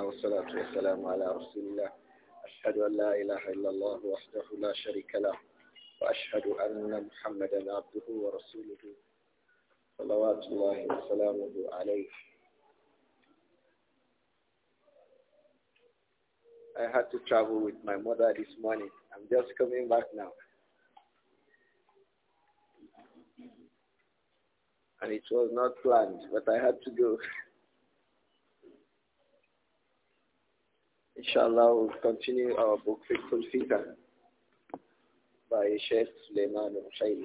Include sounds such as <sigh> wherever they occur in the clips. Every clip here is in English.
الله والصلاة والسلام على رسول الله أشهد أن لا إله إلا الله وحده لا شريك له وأشهد أن محمدا عبده ورسوله صلوات الله وسلامه عليه I had to travel with my mother this morning. I'm just coming back now. And it was not planned, but I had to go. Inshallah, we'll continue our book Fiqhul Fitan by Sheikh Suleiman al-Shayli.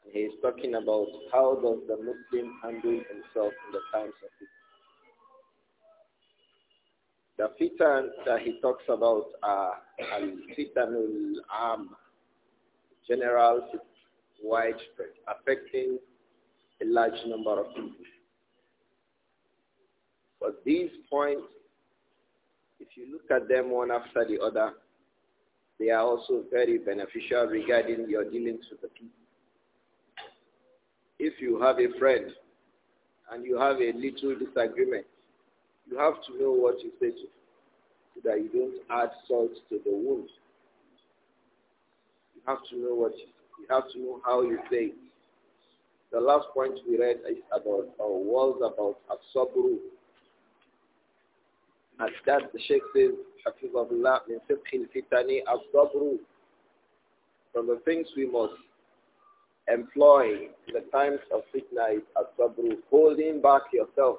And he is talking about how does the Muslim handle himself in the times of it. The fitan that he talks about are al-fitanul am, general, widespread, affecting a large number of people. But these points, if you look at them one after the other, they are also very beneficial regarding your dealings with the people. If you have a friend and you have a little disagreement, you have to know what you say to so that you don't add salt to the wound. You have to know what you, you have to know how you say it. The last point we read is about our words about absorbing at that, the Sheikh says, Hafizahullah min fiqhil fitani al-sabru. From the things we must employ in the times of fitna is al-sabru, holding back yourself.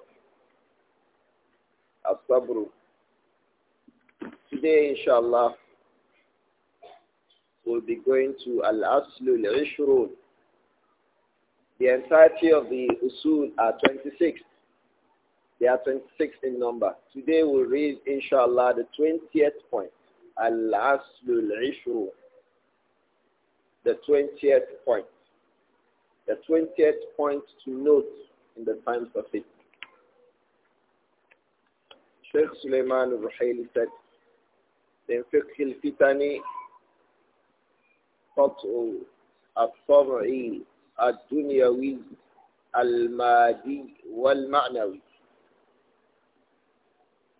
Al-sabru. Today, inshallah, we'll be going to Al-Aslul Ishrun. The entirety of the Usul are 26. They are 26 in number. Today we'll read, inshallah, the 20th point. Al-Aslul Ishru. The 20th point. The 20th point to note in the times of it. Sheikh Suleiman al-Ruhaili said, من فقه الفتن قطع الطبع الدنيوي المادي والمعنوي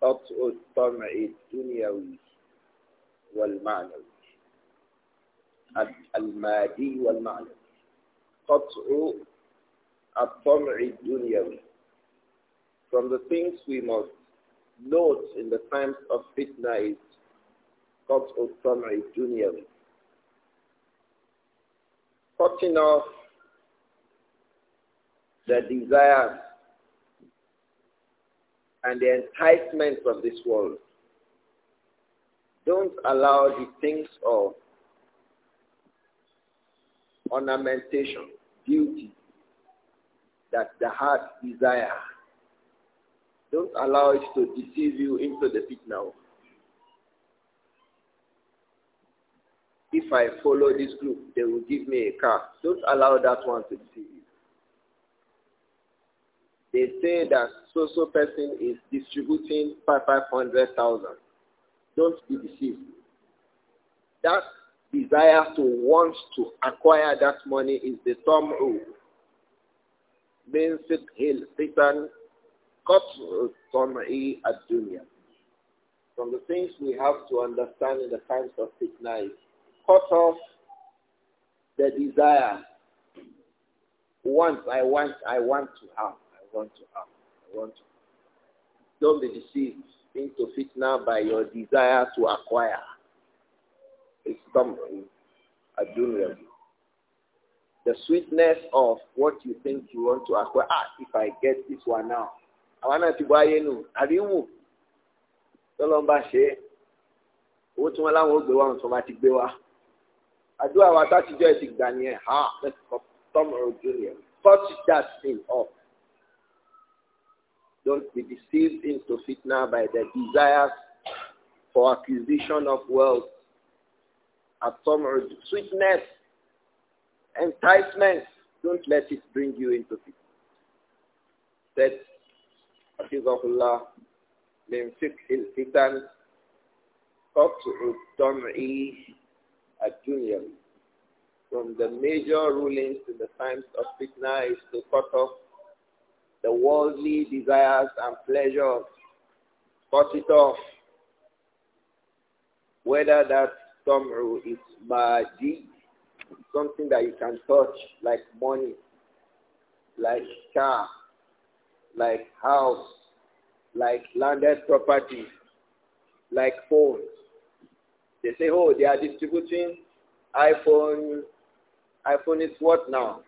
قطع الطمع الدنيوي والمعنوي المادي والمعنوي قطع الطمع الدنيوي From the things we must note in the times of fitna is قطع الطمع الدنيوي Cutting off the desires and the enticements of this world. Don't allow the things of ornamentation, beauty, that the heart desires. Don't allow it to deceive you into the pit now. If I follow this group, they will give me a car. Don't allow that one to deceive you. They say that so-so person is distributing 500,000. Don't be deceived. That desire to want to acquire that money is the tamu. من فقه الفتن قطع الطمع الدنيا. From the things we have to understand in the times of fitna is cut off the desire. Once I want, I want to have want to have. I want to. Don't be deceived into fitna by your desire to acquire. It's something. The sweetness of what you think you want to acquire. Ah, if I get this one now. I want to buy you new. Have you moved? tọlọmba ṣe owó tí wọn láwọn ó gbé wa nǹkan bá ti gbé wa àdúrà wa tá a ti jọ ẹsìn gbà ha ah, let's stop tom or Julian. cut that thing off don't be deceived into fitna by the desires for acquisition of wealth, atomr, sweetness, enticement. Don't let it bring you into fitna. That Hafizahullah من فقه الفتن قطع الطمع From the major rulings in the times of fitna is to cut off the worldly desires and pleasures. Cut it off. Whether that tomru is maji, something that you can touch, like money, like car, like house, like landed property, like phones. They say, oh, they are distributing iPhone. iPhone is what now?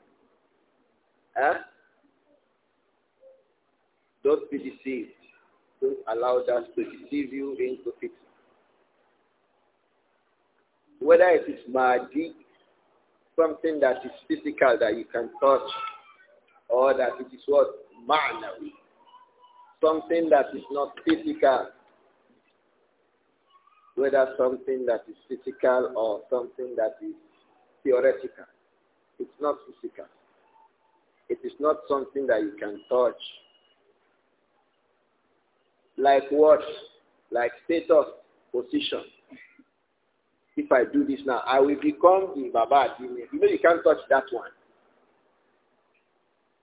Huh? Don't be deceived. Don't allow that to deceive you into fitness. Whether it is magic, something that is physical that you can touch, or that it is what? Ma'nawi. Something that is not physical. Whether something that is physical or something that is theoretical. It's not physical. It is not something that you can touch like what? Like status, position. If I do this now, I will become the Baba You know you can't touch that one.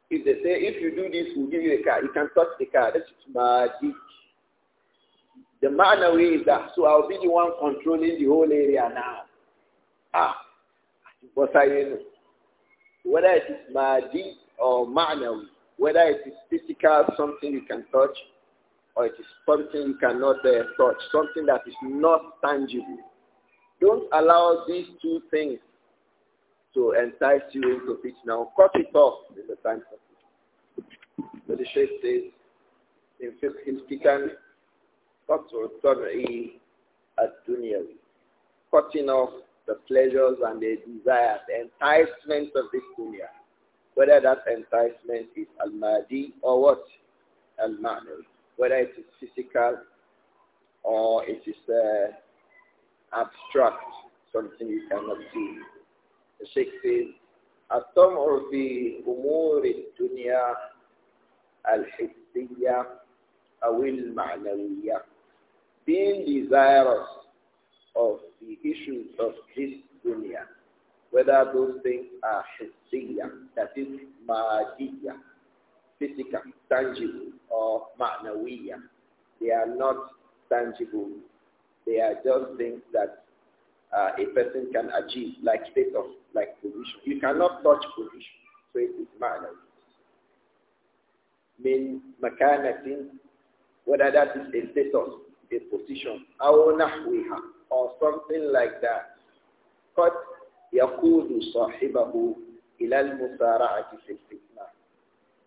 If they say, if you do this, we'll give you a car. You can touch the car. That's magic. The ma'nawi is that, so I'll be the one controlling the whole area now. Ah, but I know. Whether it is magic or ma'nawi, whether it is physical, something you can touch, or it is something you cannot uh, touch, something that is not tangible. Don't allow these two things to entice you into it now. Cut it off in the time for it. So the Shaykh says, in فقه cutting off the pleasures and the desires, the enticements of this dunya, whether that enticement is al-madi or what? Al-ma'nawi whether it is physical or it is uh, abstract, something you cannot see. The Sheikh says, the في أمور الدنيا الحسية أو المعنوية being desirous of the issues of this dunya, whether those things are hissiyah, that is madiyah, physical, tangible, or ma'nawiyah. They are not tangible. They are just things that uh, a person can achieve, like state of, like position. You cannot touch position, so it is ma'nawi. Mean makanatin, whether that is a status, a position, or something like that. قد يقود صاحبه إلى المسارعة في الفتنة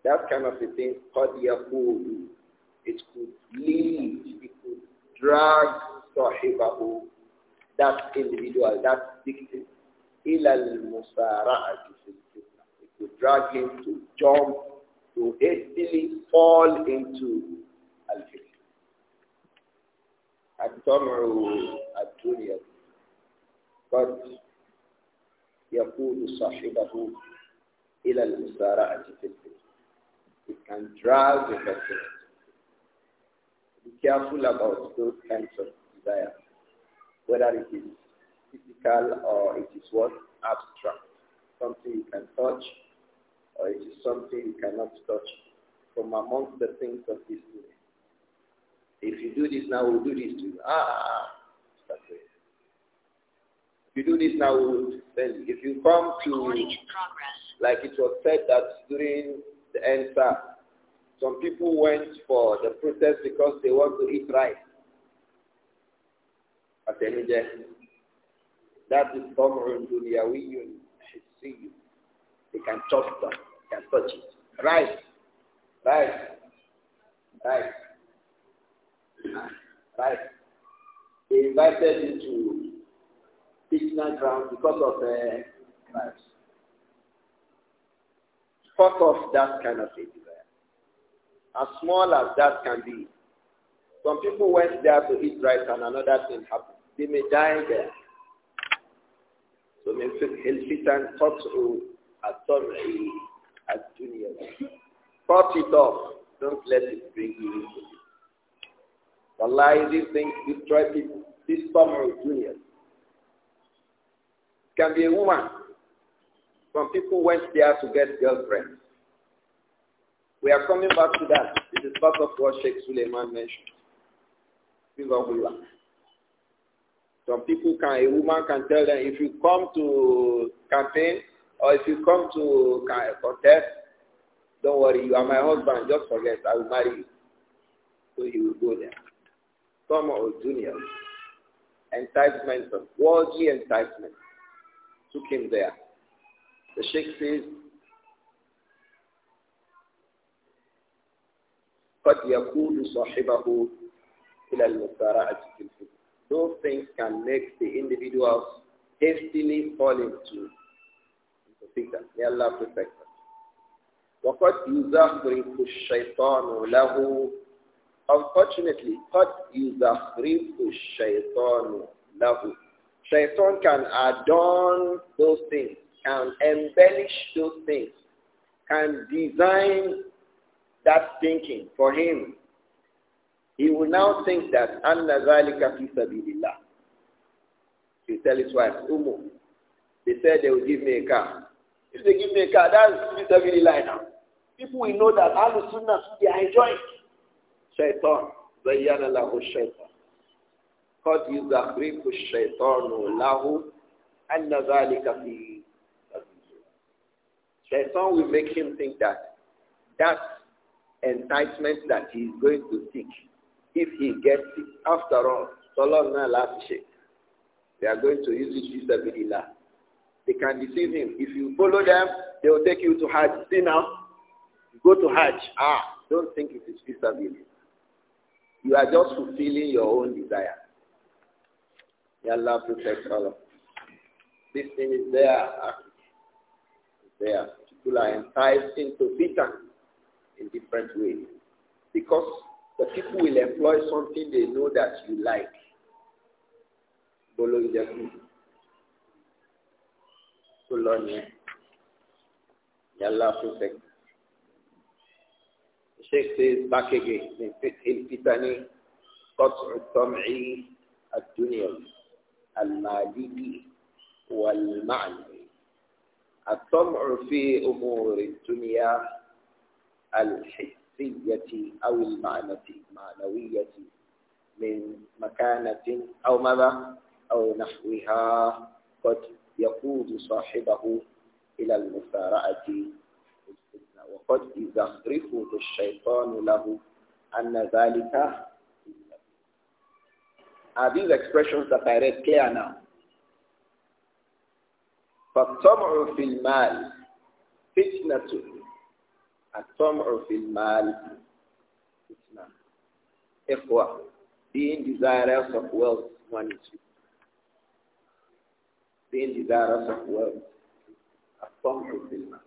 that kind of a thing, قَدْ It could lead, it could drag صَاحِبَهُ That individual, that victim, إِلَى الْمُسَارَعَةِ فِي الْفِتْنَةِ It could drag him to jump, to hastily fall into al-fitnah. الطمع الدنيا قد يقود صاحبه إلى المسارعة في and drive the person. Be careful about those kinds of desires, whether it is physical or it is what abstract, something you can touch or it is something you cannot touch. From amongst the things of this world, if you do this now, we'll do this to you. Ah, it. If you do this now, we'll then if you come to like it was said that during the answer some people went for the protest because they want to eat rice. Atenije. That is Tomrun Dunyawiyun Hissiyun. They can touch them, They can touch it. Rice. Rice. Rice. Rice. They invited you to Krishna ground because of the uh, rice. Fuck off that kind of thing as small as that can be. Some people went there to eat rice and another thing happened. They may die there. So من فقه الفتن قطع الطمع الدنيا. Cut it off. Don't let it bring you into it. Wallahi, these things destroy people. This summer of It can be a woman. Some people went there to get girlfriends. We are coming back to that. This is part of what Sheikh Suleiman mentioned. Some people can, a woman can tell them, if you come to campaign or if you come to contest, don't worry, you are my husband, just forget, I will marry you. So you will go there. former or junior. Enticement, worldly enticement took him there. The Sheikh says, قد يقود صاحبه إلى المسارعة في الفتن. Those things can make the individuals hastily fall into fitna. May Allah protect us. وقد يزخرف الشيطان له Unfortunately, قد يزخرف الشيطان له Shaitan can adorn those things, can embellish those things, can design that thinking for him. He will now think that anna zalika fi sabilillah. He tell his wife, Umu, they said they will give me a car. If they give me a car, that's fi sabilillah now. People will know that Ahlul Sunnah, they are enjoying. Shaitan, zayyana lahu shaitan. قد يزخرف الشيطان له أن ذلك في Shaitan will make him think that that enticement that he is going to seek if he gets it. After all, Solomon last shake. They are going to use it vis They can deceive him. If you follow them, they will take you to Hajj. See now, go to Hajj. Ah, don't think it is vis You are just fulfilling your own desire. May Allah protect all of us. This thing is there. Ah, it's there. People are enticed into fitan in different ways. Because the people will employ something they know that you like. Bologna, Bologna. Yalla protect. The Sheikh says back again, in Fitani, قطع al الدنيوي المادي والمعنوي الطمع في أمور الدنيا الحسية أو المعنوية من مكانة أو ماذا أو نحوها قد يقود صاحبه إلى المسارعة وقد يزخرفه الشيطان له أن ذلك Are these expressions that I read clear now? فالطمع في المال فتنة الطمع of المال فتنة إخوة being desirous of wealth money being desirous of wealth a form of المال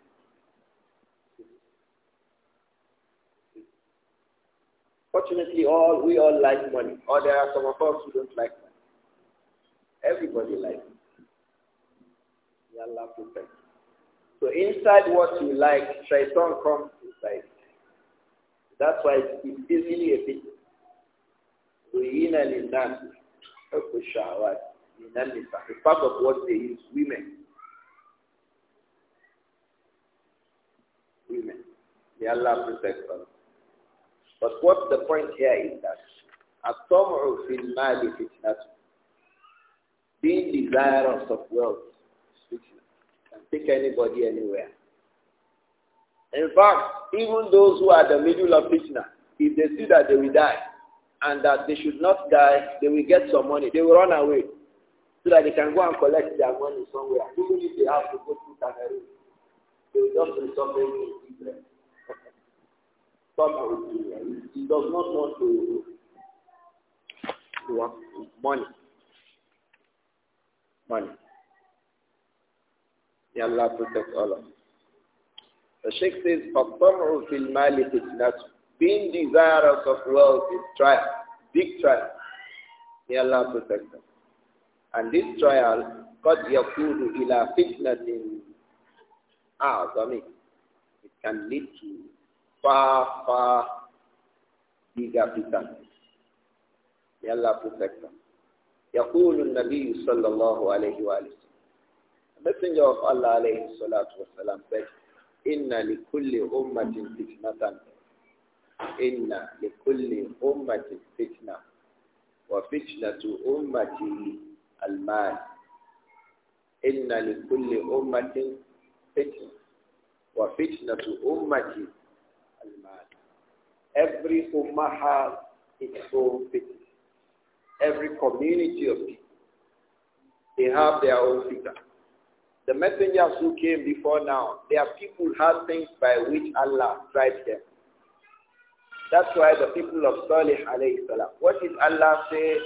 Fortunately, all we all like money. Or there are some of us who don't like money. Everybody likes it. May Allah protect. So inside what you like, shaitan comes inside. That's why it's easily a bit. وَيِنَ لِلنَّاسِ حُبُّ It's part of what they use, women. Women. May Allah protect them. But what the point here is that أَطَمْعُ فِي الْمَالِ فِتْنَةٌ Being desirous of wealth take anybody anywhere. In fact, even those who are the middle of fitna, if they see that they will die and that they should not die, they will get some money. They will run away so that they can go and collect their money somewhere. Even if they have to go to Cameroon, they will just be suffering in do. <laughs> He does not want to, to want money. Money. May Allah protect all of us. The Sheikh says, فَالطَّمْعُ فِي الْمَالِ فِتْنَةٌ Being desirous of wealth is trial, big trial. May Allah protect us. And this trial, قَدْ يَقُودُ إِلَى فِتْنَةٍ أَعْظَمِ It can lead to far, far bigger fitnah. May Allah protect us. يقول النبي صلى الله عليه وآله Messenger of Allah alayhi salatu wasalam said, Inna li kulli ummatin fitnatan. Inna li kulli ummatin fitna. Wa fitnatu ummati al-mal. Inna li kulli ummatin fitna. Wa fitnatu ummati al-mal. Every ummah has its own fitna. Every community of people, they have their own fitna. The messengers who came before now, their people had things by which Allah tried them. That's why the people of Salih alayhi salam, what did Allah say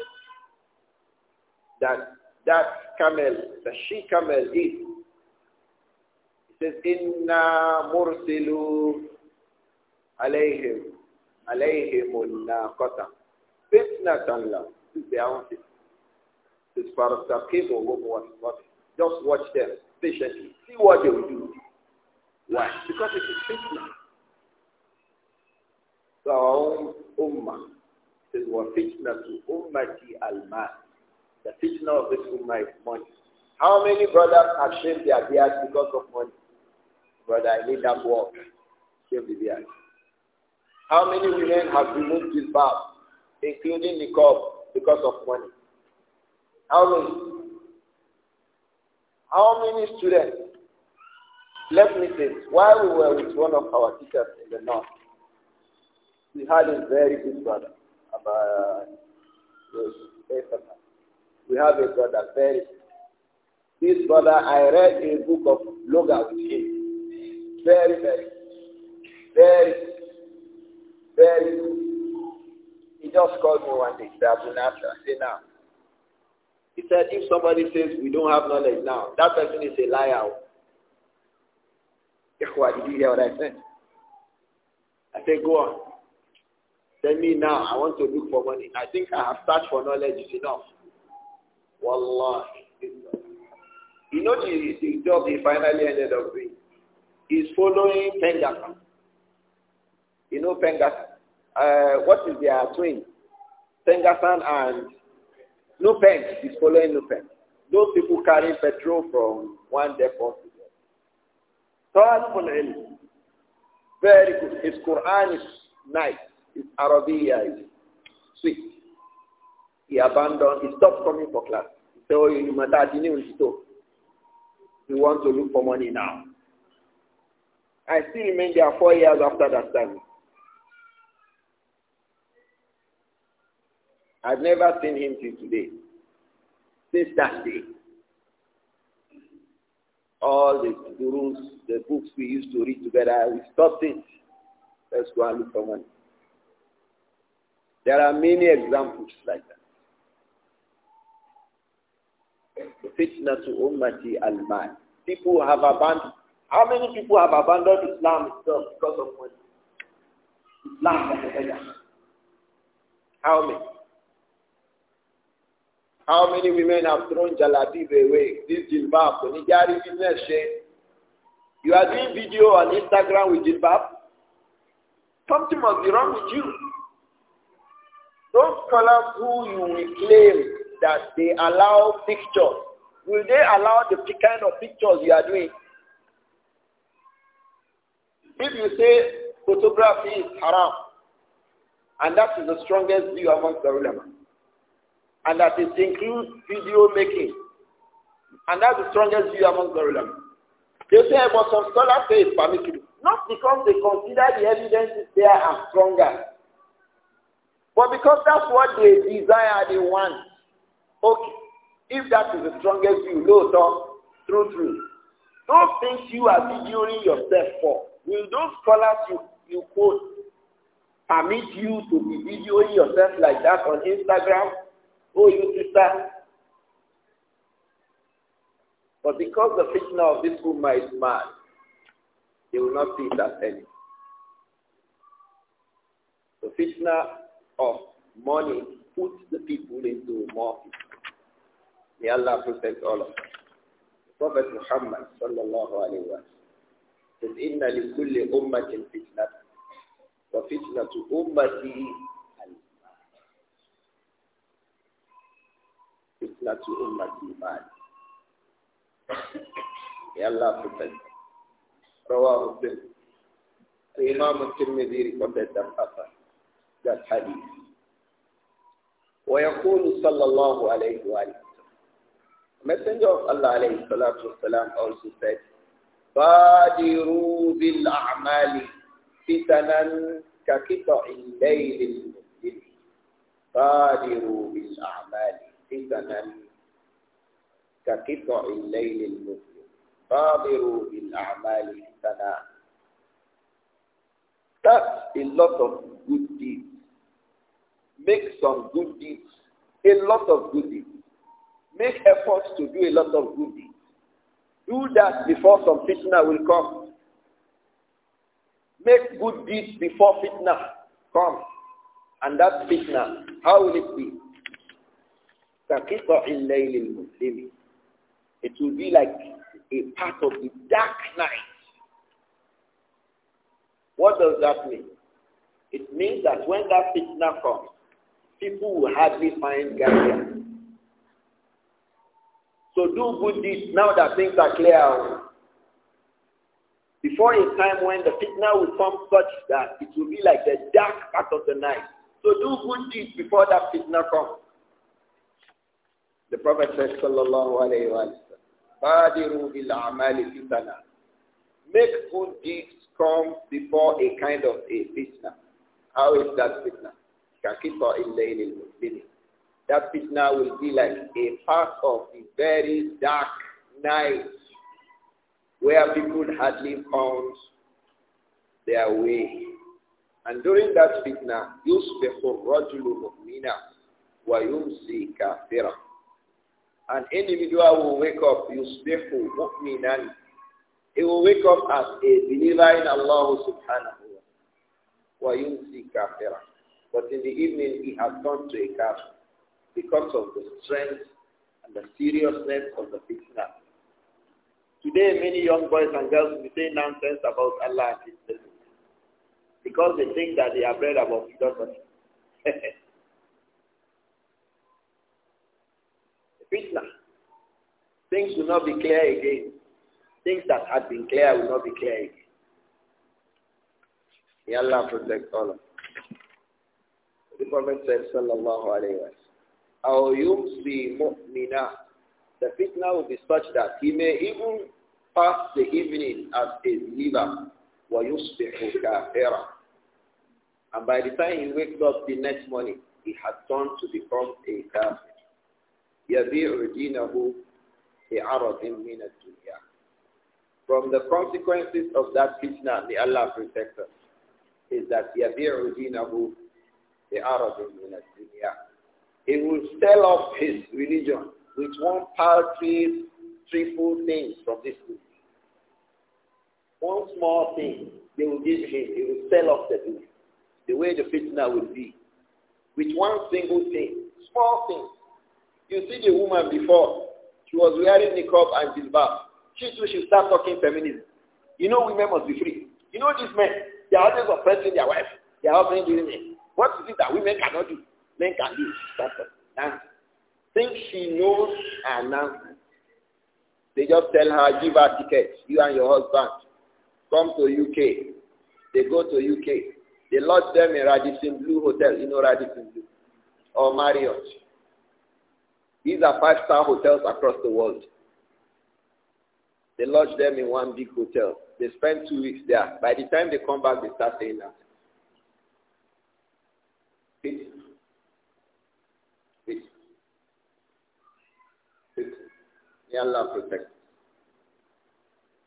that that camel, the she camel is. He says, Inna mursilu alayhim, alayhimul naqata. Fitnatan la. This is the answer. It's for Just watch them patiently. See what they will do. Why? Because it is fitna. So our own ummah says, "Wa fitna to ummati al The fitna of this ummah is money. How many brothers have shaved their beards because of money? Brother, I need that work. Shave the beard. How many women have removed their barb, including the cup, because of money? How many? How many students? Let me say, while we were with one of our teachers in the north, we had a very good brother about We have a brother very good. This brother, I read a book of Loga with him. Very, very, very, very good. He just called me one day, Abu Nasser. I say now, he said, if somebody says we don't have knowledge now, that person is a liar. Did you hear what I said? I said, go on. Tell me now, I want to look for money. I think I have searched for knowledge is enough. Wallah, You know the, the job he finally ended up doing? He's following Pengasa. You know Pengasa? Uh, what is their twin? Pengasan and No NUPEX is following NUPEX. Those people carry petrol from one depot to the other. Very good. His Quran is nice. His Arabiya is sweet. He abandoned, he stopped coming for class. He said, oh, you matter, you stop. He want to look for money now. I still remain there four years after that time. I've never seen him till today. Since that day. All the gurus, the books we used to read together, we stopped it. Let's go and look for money. There are many examples like that. fitna to ummati al-man. People have abandoned. How many people have abandoned Islam itself because of money? Islam. How many? How many women have thrown jalabib away? This jilbab, the business shame. You are doing video on Instagram with jilbab? Something must be wrong with you. Those scholars who you will claim that they allow pictures, will they allow the kind of pictures you are doing? If you say photography is haram, and that is the strongest view amongst the ulama, and that it includes video making. And that's the strongest view among the They say, but some scholars say it's permissible. Not because they consider the evidence is there and stronger, but because that's what they desire, they want. Okay, if that is the strongest view, no, through true, true. Those things you are videoing yourself for, will those scholars you, you quote permit you to be videoing yourself like that on Instagram Oh, you sister. But because the fitna of this woman is mad, they will not see it as any. The fitna of money puts the people into more fitna. May Allah protect all of us. Prophet Muhammad sallallahu alayhi wa sallam says, إِنَّ لِكُلِّ أُمَّةٍ فِتْنَةٍ وَفِتْنَةُ أُمَّتِي فتنة أمتي بعد يا الله فتن رواه مسلم الإمام الترمذي ركبت الحسن ذا الحديث ويقول صلى الله عليه وآله Messenger of Allah عليه الصلاة والسلام also said بادروا بالأعمال فتنا كقطع الليل المظلم بادروا بالأعمال فتنا كقطع الليل المظلم فاضروا بالأعمال فتنا That's a lot of good deeds. Make some good deeds. A lot of good deeds. Make efforts to do a lot of good deeds. Do that before some fitna will come. Make good deeds before fitna comes, And that fitna, how will it be? It will be like a part of the dark night. What does that mean? It means that when that fitna comes, people will hardly find guidance. So do good deeds now that things are clear. Before a time when the fitna will come such that it will be like the dark part of the night. So do good deeds before that fitna comes. The Prophet says, sallallahu alayhi wa Badiru bil amali fitana. Make good deeds come before a kind of a fitna. How is that fitna? Shakita illayl al That fitna will be like a part of the very dark night where people hardly found their way. And during that fitna, يُصْبِحُ الرَّجُلُ wa وَيُمْسِي كَافِرًا an individual will wake up yusbihu mu'minan. He will wake up as a believer in Allah subhanahu wa But in the evening he has gone to a castle because of the strength and the seriousness of the fitna. Today many young boys and girls will say nonsense about Allah and His because they think that they are read about philosophy. Things will not be clear again. Things that had been clear will not be clear again. May Allah protect all of us. The Prophet said, Sallallahu Alaihi Wasallam, Our yumsi mu'mina. The fitna will be such that he may even pass the evening as a believer. wa وَيُصْبِحُ كَافِرًا And by the time he wakes up the next morning, he has turned to become a kafir. يَبِعُ دِينَهُ from the consequences of that fitna, the Allah protects us, is that the دينه بعرض من الدنيا He will sell off his religion with one paltry, triple thing from this book. One small thing they will give him, he will sell off the book. The way the fitna will be. With one single thing, small thing. You see the woman before, she was wearing niqab and jilbab. She too should start talking feminism. You know women must be free. You know these men, they are always oppressing their wife. They are always doing it. What is it that women cannot do? Men can do. That's it. Now, think she knows and now they just tell her, give her tickets, you and your husband. Come to UK. They go to UK. They lodge them in Radisson Blue Hotel, you know Radisson Blue, or Marriott. These are five-star hotels across the world. They lodge them in one big hotel. They spend two weeks there. By the time they come back, they start saying that. It, it, it. May Allah protect.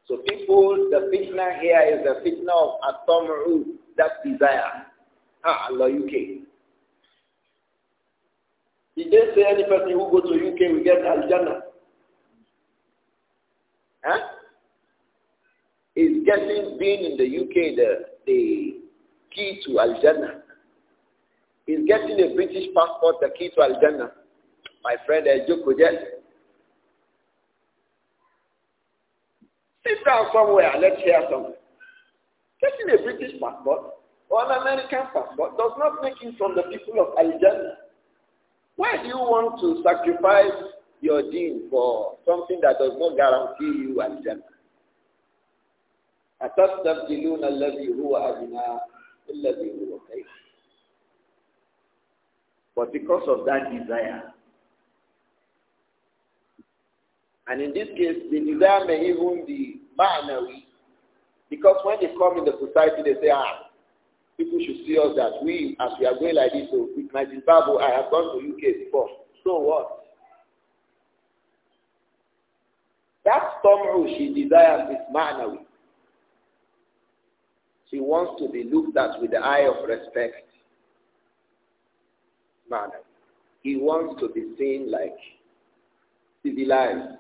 So people, the fitna here is the fitna of atomru, that desire. Ah, Allah, came. Did they say any person who goes to UK will get Aljana? Huh? Is getting being in the UK the the key to Aljana? Is getting a British passport the key to Aljana? My friend Ejoko eh, Sit down somewhere and let's hear something. Getting a British passport or an American passport does not make you from the people of Aljana. Why do you want to sacrifice your deen for something that does not guarantee you a jannah But because of that desire, and in this case, the desire may even be ma'nawi, because when they come in the society, they say, ah, people should see us that we, as we are going like this, so with my Zimbabwe, I have gone to UK before. So what? That tomorrow she desires is manner. She wants to be looked at with the eye of respect. Manner. He wants to be seen like civilized.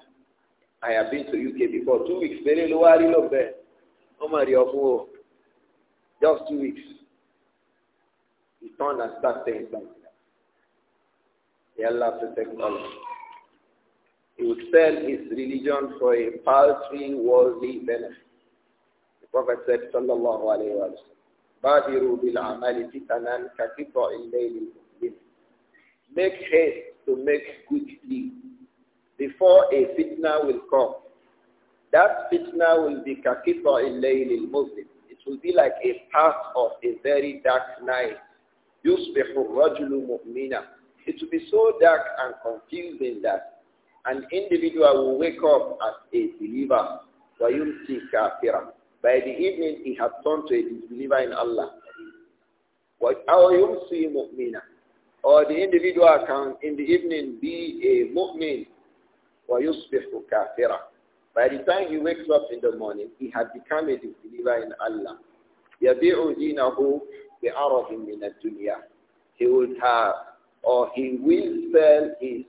I have been to UK before. Two weeks, very low, I love there. Oh just two weeks. He turned not understand saying something May Allah protect all He would sell his religion for a paltry worldly benefit. The Prophet said, Sallallahu Alaihi Wasallam, Badiru bil amali fitanan katito illayli muslim. Make haste to make good deeds before a fitna will come. That fitna will be kakito illayli muslim. It will be like a part of a very dark night يُصْبِحُ الرَّجُلُ مُؤْمِنًا It will be so dark and confusing that an individual will wake up as a believer وَيُمْسِي كَافِرًا By the evening, he has turned to a disbeliever in Allah. أَوْ يُمْسِي مُؤْمِنًا Or the individual can, in the evening, be a mu'min وَيُصْبِحُ كَافِرًا by the time he wakes up in the morning, he had become a disbeliever in Allah. يَبِعُ دِينَهُ the in the dunya, He would have or he will sell his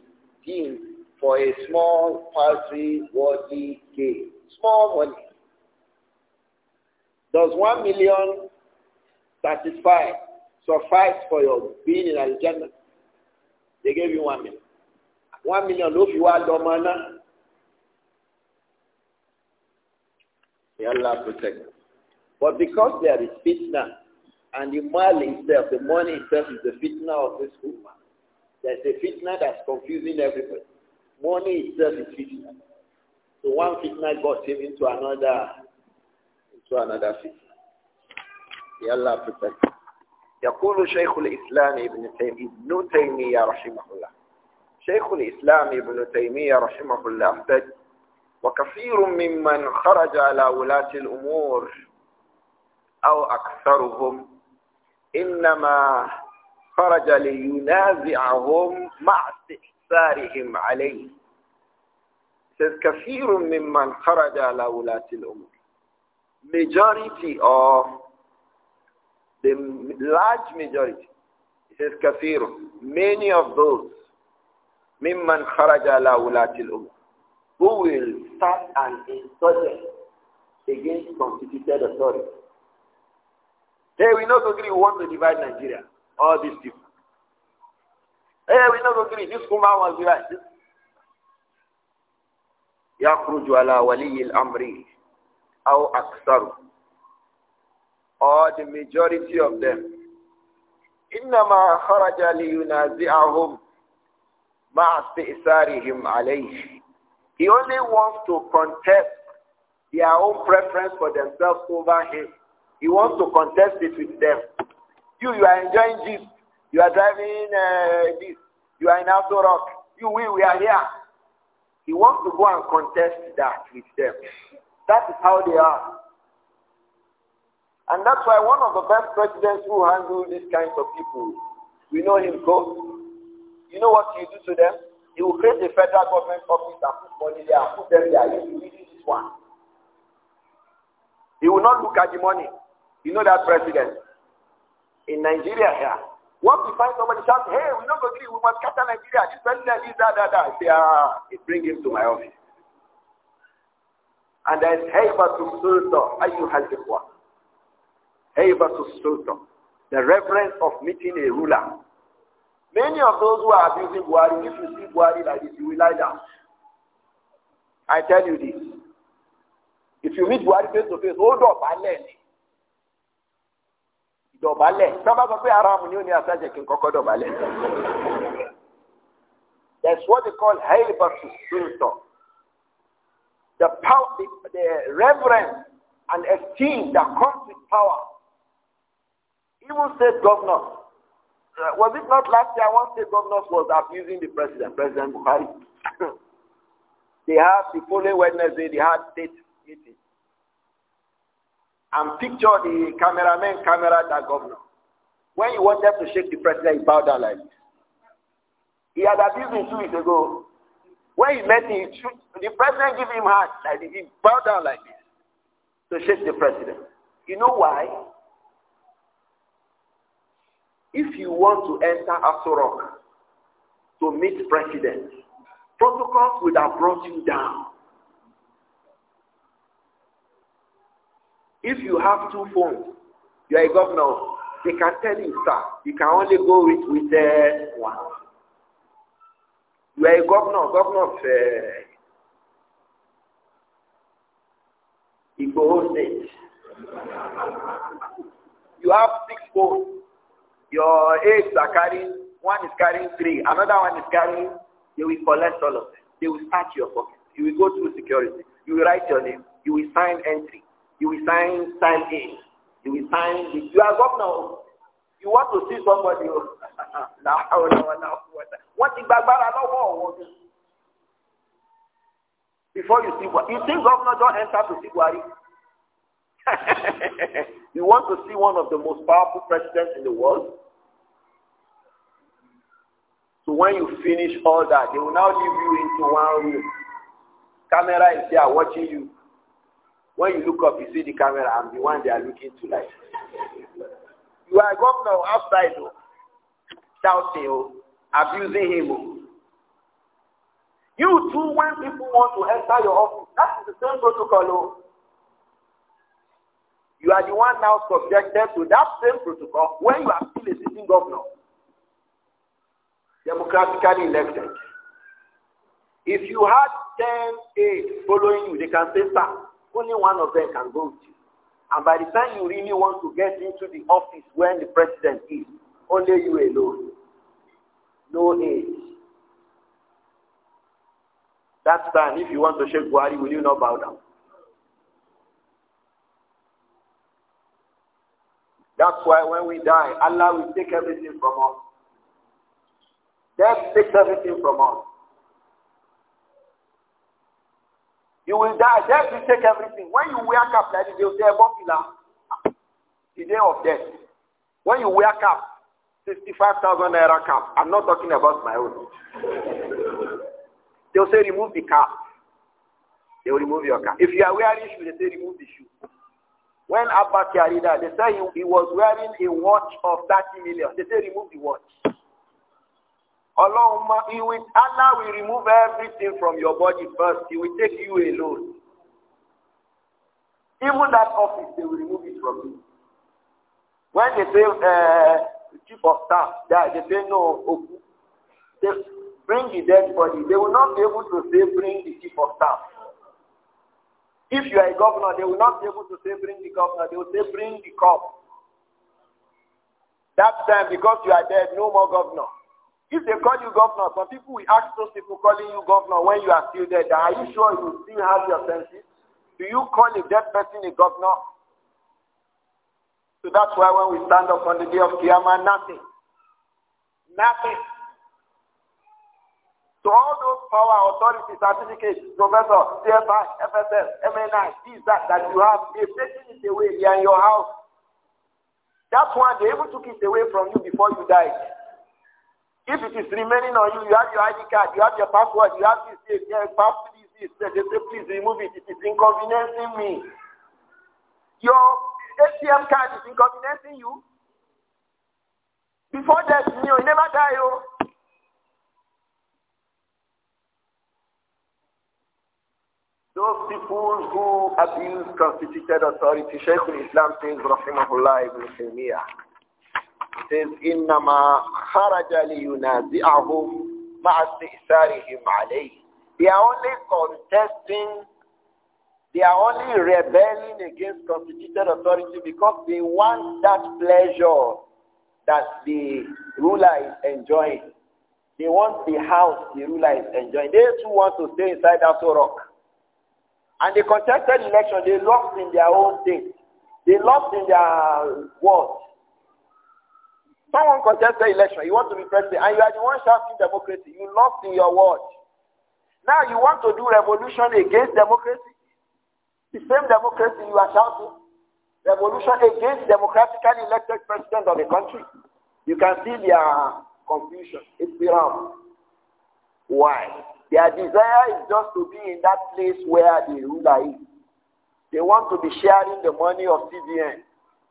deen for a small paltry worthy gain. Small money. Does one million satisfy, suffice for your being in Al-Jannah? They gave you one million. One if you are domana, May Allah protect you. But because there is fitna, and the mal itself, the money itself is the fitna of this ummah. There's a fitna that's confusing everybody. Money itself is fitna. So one fitna got him into another, into another fitna. May Allah protect him. يقول شيخ الإسلام ابن ابن تيمية رحمه الله شيخ الإسلام ابن تيمية رحمه الله وكثير ممن خرج على ولاة الأمور أو أكثرهم إنما خرج لينازعهم مع استحسارهم عليه says كثير ممن خرج على ولاة الأمور majority of the large majority it says كثير many of those ممن خرج على ولاة الأمور who will start an insurgency against constituted authority Hey, we not agree. We want to divide Nigeria. All these people. Hey, we not agree. This Kuma was divide. يخرج على ولي الأمر أو أكثر or the majority of them إنما خرج لينازعهم مع استئثارهم عليه He only wants to contest their own preference for themselves over him he wants to contest it with them. You, you are enjoying this. You are driving uh, this. You are in Auto Rock. You, we, we are here. He wants to go and contest that with them. That is how they are. And that's why one of the best presidents who handle these kinds of people, we know him, Go. You know what he do to them? He will create a federal government office and put money there and put them there. He will this one. He will not look at the money. You know that president in Nigeria here. What we find somebody shout, hey, we don't agree, we must cut Nigeria. This president is that, that, that. I are, ah, bring him to my office. And then, hey, but to Sultan, Ayu Hazikwa. Hey, but to Sultan. The reverence of meeting a ruler. Many of those who are abusing Buhari, if you see Buhari like this, you will lie down. I tell you this. If you meet Buhari face to face, hold up I'll and learn dọ̀bálẹ̀ sọ pé ni ó ní asájẹ kí n kọ́kọ́ dọ̀bálẹ̀. That's what they call haibatu spiritual. The power, the, the reverence and esteem that comes with power. Even state governors. Uh, was it not last year one state governor was abusing the president, President Buhari? <coughs> they had the following Wednesday, they had state meeting and picture the cameraman camera that governor. When he wanted to shake the president, he bowed down like this. He had abused him two weeks ago. When he met him, the president gave him hand like this. He bowed down like this to shake the president. You know why? If you want to enter Asorok to meet president, protocols would have brought you down. If you have two phones, you are a governor, they can tell you, sir, you can only go with, with uh, one. You are a governor, governor of uh, Igbo State. You have six phones. Your aides are carrying, one is carrying three, another one is carrying, they will collect all of them. They will start your pocket. You will go through security. You will write your name. You will sign entry. You will sign sign in. You will sign. The, you are governor. You want to see somebody. Wọ́n ti gbàgbára lọ́wọ́ ọ̀wọ́ Before you see what you think governor John enter to see Buhari? <laughs> you want to see one of the most powerful presidents in the world? So when you finish all that, they will now leave you into one room. Camera is there watching you. When you look up, you see the camera. I'm the one they are looking to like. You are governor outside, oh, shouting, oh, abusing him. Oh. You too, when people want to enter your office, that is the same protocol. You are the one now subjected to that same protocol when you are still a sitting governor, democratically elected. If you had 10 aides following you, they can say, sir, only one of them can go with you. And by the time you really want to get into the office where the president is, only you alone. No aid. That time, if you want to shake Buhari, will you not bow down? That's why when we die, Allah will take everything from us. Death takes everything from us. You will die. Death will take everything. When you wake up, they will say, Bokila, the day of death. When you wake up, 65,000 naira cap. I'm not talking about my own. They'll say, remove the cap. They will remove your cap. If you are wearing shoes, they say, remove the shoe. When Abba carried that, they say he, he was wearing a watch of 30 million. They say, remove the watch. Allah, he will, Allah will remove everything from your body first. He will take you alone. Even that office, they will remove it from you. When they say uh, chief of staff, they, say no, they bring the dead body. They will not be able to say bring the chief of staff. If you are a governor, they will not be able to say bring the governor. They will say bring the cop. That time, because you are dead, no more governor. If they call you governor, some people will ask those people calling you governor when you are still there, are you sure you still have your senses? Do you call a dead person a governor? So that's why when we stand up on the day of Qiyamah, nothing. Nothing. So all those power, authority, certificates, professor, CFI, FSS, MNI, these, that, that you have, they are taking it away. They are in your house. That's why they even took it away from you before you died. If it is remaining on you, you have your ID card, you have your password, you have this, this, yeah, this, this, this, they say, please remove it, it is inconveniencing me. Your ATM card is inconveniencing you. Before that, you, never die, oh. Those people who abuse constituted authority, Shaykh al-Islam says, Rahimahullah ibn Taymiyyah. says إنما خرج liyunazi'ahum مع استئثارهم alayhi. they are only contesting they are only rebelling against constituted authority because they want that pleasure that the ruler is enjoying they want the house the ruler is enjoying they too want to stay inside that rock and they contested election they lost in their own state they lost in their world Someone contested election. You want to be president, and you are the one shouting democracy. You lost in your word. Now you want to do revolution against democracy. The same democracy you are shouting. Revolution against democratically elected president of the country. You can see their confusion. It's wrong. Why? Their desire is just to be in that place where the ruler is. They want to be sharing the money of CBN.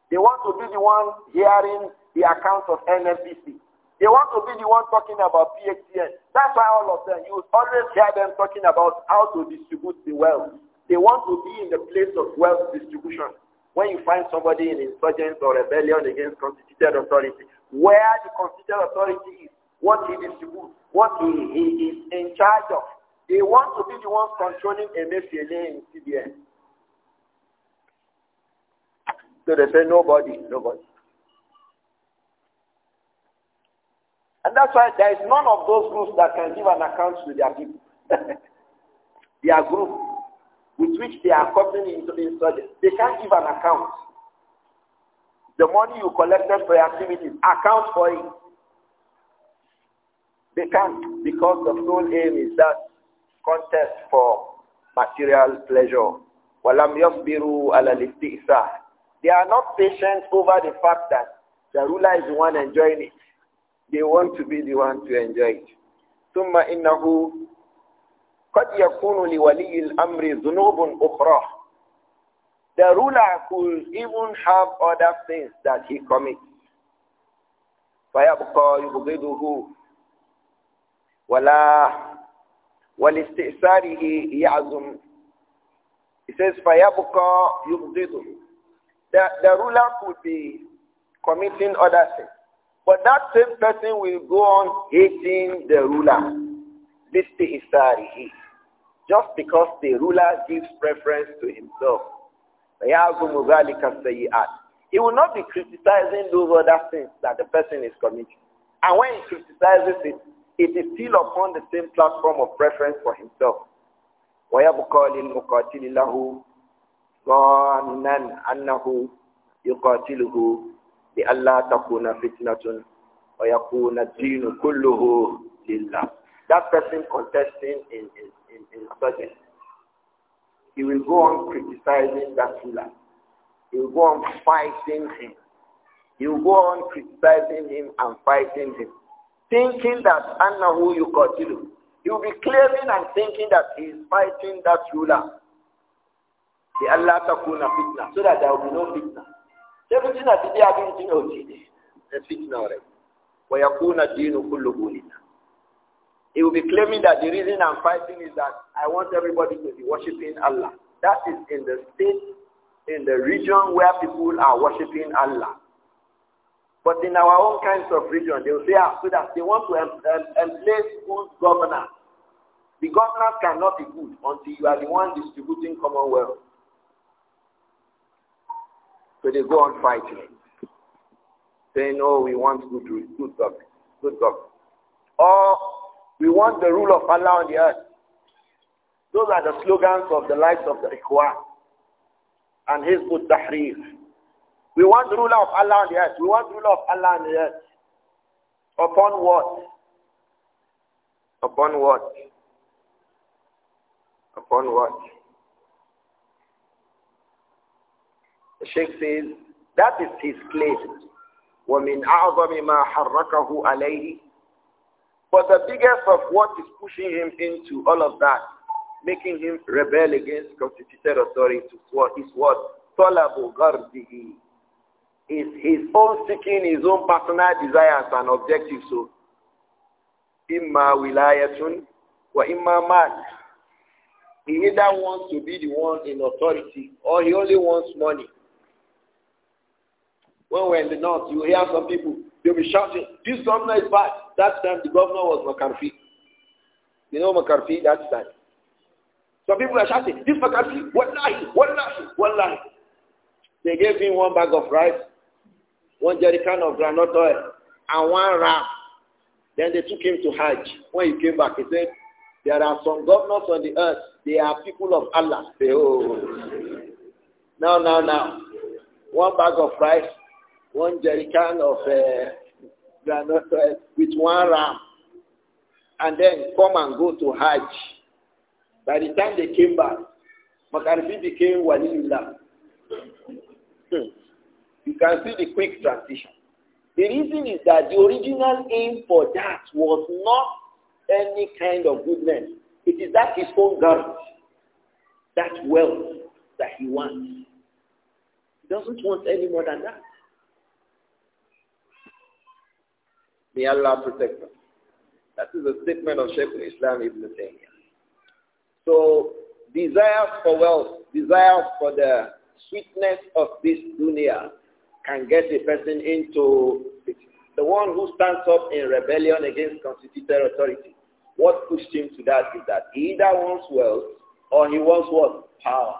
They want to be the one hearing the account of NFDC. They want to be the one talking about PHTN. That's why all of them, you always hear them talking about how to distribute the wealth. They want to be in the place of wealth distribution. When you find somebody in insurgence or rebellion against constituted authority, where the constituted authority is, what he distributes, what he, he is in charge of. They want to be the ones controlling MFLA in CBN. So they say nobody, nobody. And that's why there is none of those groups that can give an account to their people. <laughs> their group with which they are coming into the study. They can't give an account. The money you collected for your activities, account for it. They can't because the sole aim is that contest for material pleasure. They are not patient over the fact that the ruler is the one enjoying it they want to be the one to enjoy it. ثم إنه قد يكون لولي الأمر ذنوب أخرى. The ruler could even have other things that he commits. فيبقى يبغضه ولا ولاستئثاره يعزم He says فيبقى يبغضه the, the ruler could be committing other things. But that same person will go on hating the ruler. This is Just because the ruler gives preference to himself. He will not be criticizing those other things that the person is committing. And when he criticizes it, it is still upon the same platform of preference for himself. ويبقى تكون فتنة ويكون الدين كله لله That person contesting in, in, in, in certain, he will go on criticizing that ruler. He will go on fighting him. He will go on criticizing him and fighting him, thinking that who you continue. He will be claiming and thinking that he is fighting that ruler. The Allah takuna fitna, so that there will be no fitna sai fitina ta ji abin jin yauci ne that's wa yakuna dinu kulluhu lillah he will be claiming that the reason I'm fighting is that I want everybody to be worshiping Allah. That is in the state, in the region where people are worshiping Allah. But in our own kinds of region, they will say, ah, so that they want to em em emplace good governance. The governance cannot be good until you are the one distributing commonwealth. So they go on fighting, saying, oh, we want good, good government, good government. Or we want the rule of Allah on the earth. Those are the slogans of the likes of the Ikhwan and his good Tahrir. We want the ruler of Allah on the earth. We want the ruler of Allah on the earth. Upon what? Upon what? Upon what? The Sheikh says, that is his claim. وَمِنْ أَعْظَمِ مَا حَرَّكَهُ عَلَيْهِ But the biggest of what is pushing him into all of that, making him rebel against constituted authority is what? Is what? طَلَبُ غَرْضِهِ Is his own seeking, his own personal desires and objectives. So, إِمَّا وِلَايَةٌ وَإِمَّا مَالٌ He either wants to be the one in authority or he only wants money. When we're in the north, you hear some people, they'll be shouting, this governor is bad. That time the governor was Makarfi. You know Makarfi, that time. Some people are shouting, this Makarfi, lie, what lie." They gave him one bag of rice, one jerry can of granite oil, and one ram. Then they took him to Hajj. When he came back, he said, there are some governors on the earth. They are people of Allah. They, oh. Now, now, now. One bag of rice, one jerrycan of uh, granite uh, with one ram and then come and go to Hajj. By the time they came back, Makarifi became Walilullah. Hmm. you can see the quick transition. The reason is that the original aim for that was not any kind of goodness. It is that his own garment, that wealth that he wants. He doesn't want any more than that. May Allah protect us. That is a statement of Shaykh Islam Ibn Taymiyyah. So desires for wealth, desires for the sweetness of this dunya can get a person into it. the one who stands up in rebellion against constituted authority. What pushed him to that is that he either wants wealth or he wants what? Power.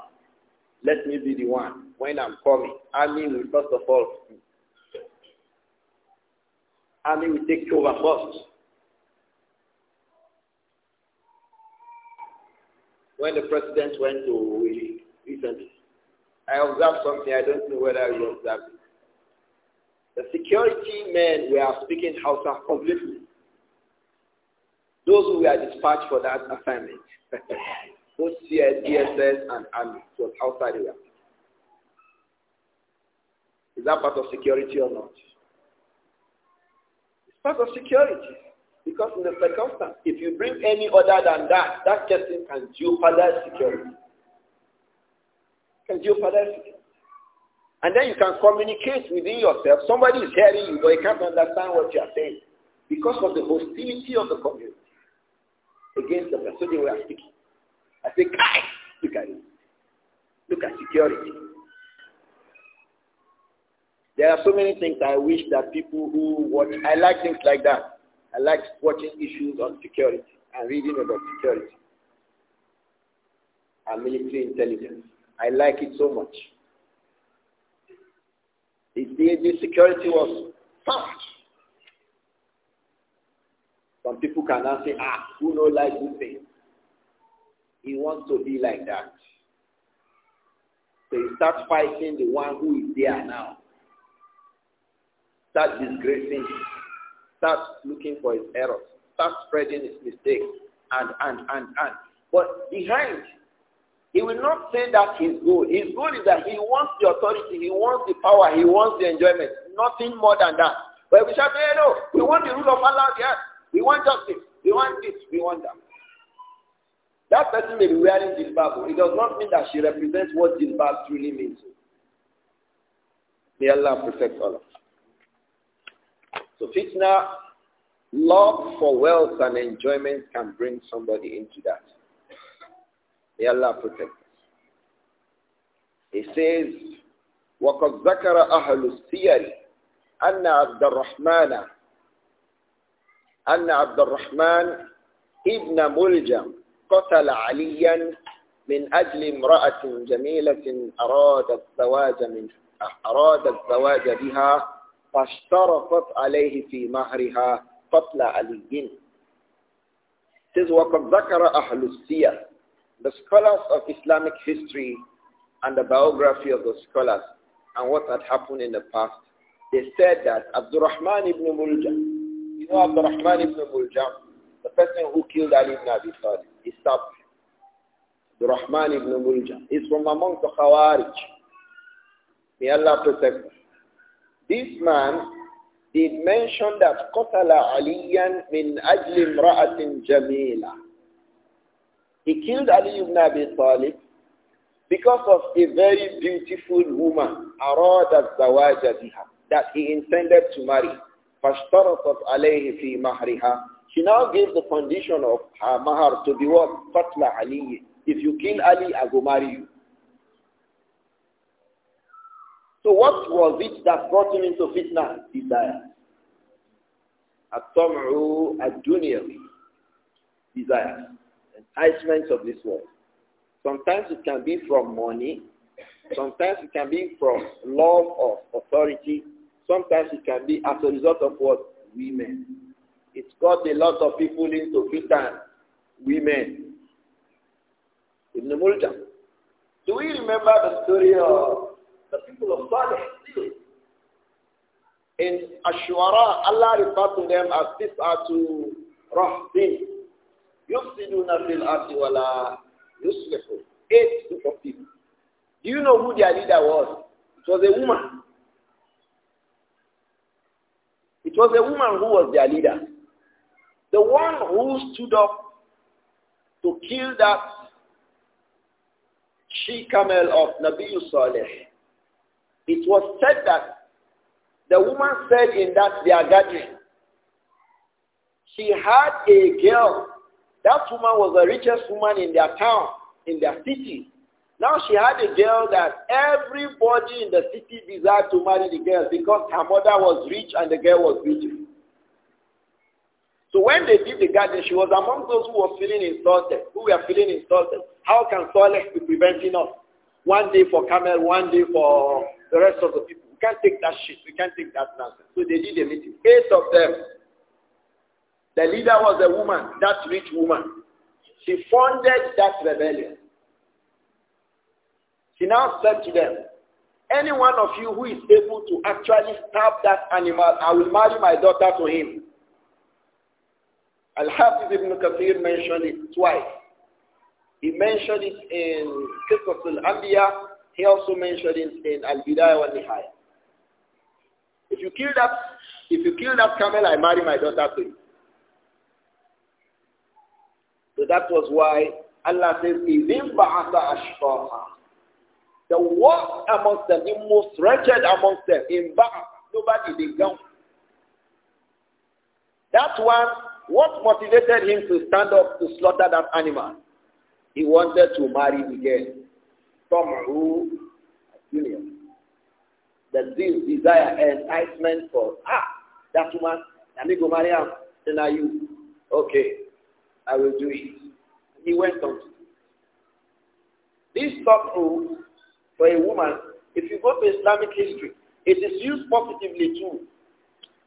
Let me be the one. When I'm coming, I mean, first of all, mean, we take over first. When the president went to recently, I observed something, I don't know whether you observed it. The security men were speaking Hausa completely. Those who were dispatched for that assignment, <laughs> both CS, DSS, and Army, was Hausa they were. Is that part of security or not? Because of security. Because in the circumstance, if you bring any other than that, that person can jeopardize security. Can jeopardize security. And then you can communicate within yourself. Somebody is hearing you, but you can't understand what you are saying because of the hostility of the community against the person they were speaking. I say, guys, look at it. Look at security. There are so many things I wish that people who watch, I like things like that. I like watching issues on security and reading about security and military intelligence. I like it so much. The, the security was fast. Some people can now say, ah, who knows like this thing? He wants to be like that. So he starts fighting the one who is there now. Start disgracing. Start looking for his errors. Start spreading his mistakes. And, and, and, and. But behind, he will not say that his goal. His goal is that he wants the authority, he wants the power, he wants the enjoyment. Nothing more than that. But we shall say, hey, no, we want the rule of Allah on the earth. We want justice. We want this. We want that. That person may be wearing this jilbab. It does not mean that she represents what jilbab truly means. May Allah protect all of us. So fitna, love for wealth and enjoyment can bring somebody into that. May Allah protect us. He says, وَقَدْ ذَكَرَ أَهْلُ السِّيَرِ أَنَّ عَبْدَ الرَّحْمَنَ أن عبد الرحمن ابن ملجم قتل عليا من أجل امرأة جميلة أراد الزواج من أراد الزواج بها فاشترطت عليه في مهرها قتل علي وقد ذكر أهل السير the scholars of Islamic history and the biography of the scholars and what had happened in the past they said that Abdurrahman ibn Muljam you know Abdurrahman ibn Muljam the person who killed Ali ibn Abi Talib is stopped Abdurrahman ibn Muljam is from among the Khawarij may Allah protect us This man did mention that قتَلَ Aliyan min ajli imra'atin جَمِيلَةٍ. He killed Ali ibn Abi Talib because of a very beautiful woman, أراد الزواج biha, that he intended to marry. فَاشْتَرَطَتْ عَلَيْهِ فِي مَهْرِهَا She now gave the condition of her mahar to be what? قتَلَ Ali. If you kill Ali, I will marry you. So what was it that brought him into fitna? Desire. At-tam'u ad-dunyawi. Desire. Enticements of this world. Sometimes it can be from money. Sometimes it can be from love of authority. Sometimes it can be as a result of what? Women. It's got a lot of people into fitna. Women. Ibn Muljam. Do we remember the story of the people of Saleh still. In Ashwara, Allah referred to them as Tis'atu Rahbin. Yusiduna fil ardi wa la yuslihu. Eight group of people. Do you know who their leader was? It was a woman. It was a woman who was their leader. The one who stood up to kill that she camel of Nabi Saleh it was said that the woman said in that their garden. she had a girl. That woman was the richest woman in their town, in their city. Now she had a girl that everybody in the city desired to marry the girl because her mother was rich and the girl was beautiful. So when they did the garden, she was among those who were feeling insulted, who were feeling insulted. How can Soleh be preventing us? One day for camel, one day for the rest of the people. We can't take that shit. We can't take that nonsense. So they did a meeting. Eight of them. The leader was a woman, that rich woman. She founded that rebellion. She now said to them, any one of you who is able to actually stab that animal, I will marry my daughter to him. Al-Hafiz ibn Kathir mentioned it twice. He mentioned it in Qisas al-Anbiya he also mentioned in Al-Bidayah al Nihaya. If you kill that, if you kill that camel, I marry my daughter to you. So that was why Allah says, "Izim ba'asa The worst amongst them, the most wretched amongst them, in Ba'a, nobody did down. That one, what motivated him to stand up to slaughter that animal? He wanted to marry again. Tomru Junior. The zeal, desire, enticement for, ah, that woman, and me go marry her. Then are you? Okay, I will do it. He went on. This Tomru for a woman, if you go to Islamic history, it is used positively too.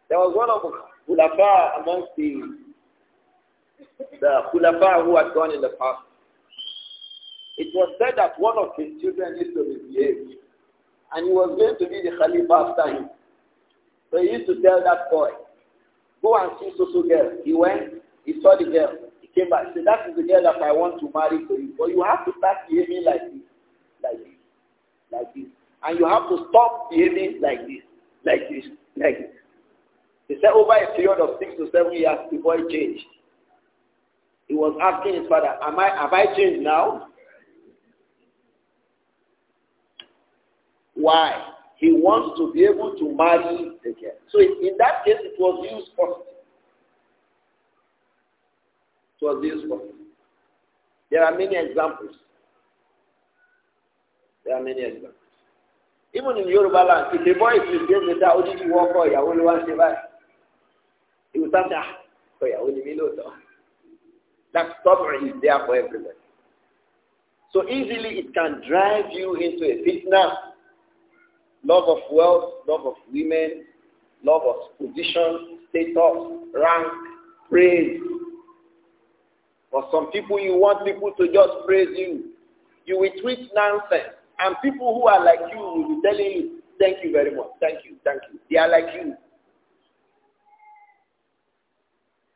There was one of the Khulafa amongst the, the Khulafa who had gone in the past. It was said that one of his children used to misbehave, and he was going to be the Khalifa after him. So he used to tell that boy, go and see so-so girl. He went, he saw the girl, he came back, he said, that is the girl that I want to marry for you. But you have to start behaving like this, like this, like this. And you have to stop behaving like this, like this, like this. He said over a period of six to seven years, the boy changed. He was asking his father, am I, have I changed now? Why? He wants to be able to marry the girl. So in that case, it was used positive. It was used positive. There are many examples. There are many examples. Even in Yoruba land, if a boy is mistaken with that, Odidi walk or Yahweh wants to buy, he will stand there. Oh, Yahweh, me know. That stubborn is there for everybody. So easily it can drive you into a fitna love of wealth, love of women, love of position, status, rank, praise. For some people, you want people to just praise you. You will tweet nonsense. And people who are like you will be telling you, thank you very much, thank you, thank you. They are like you.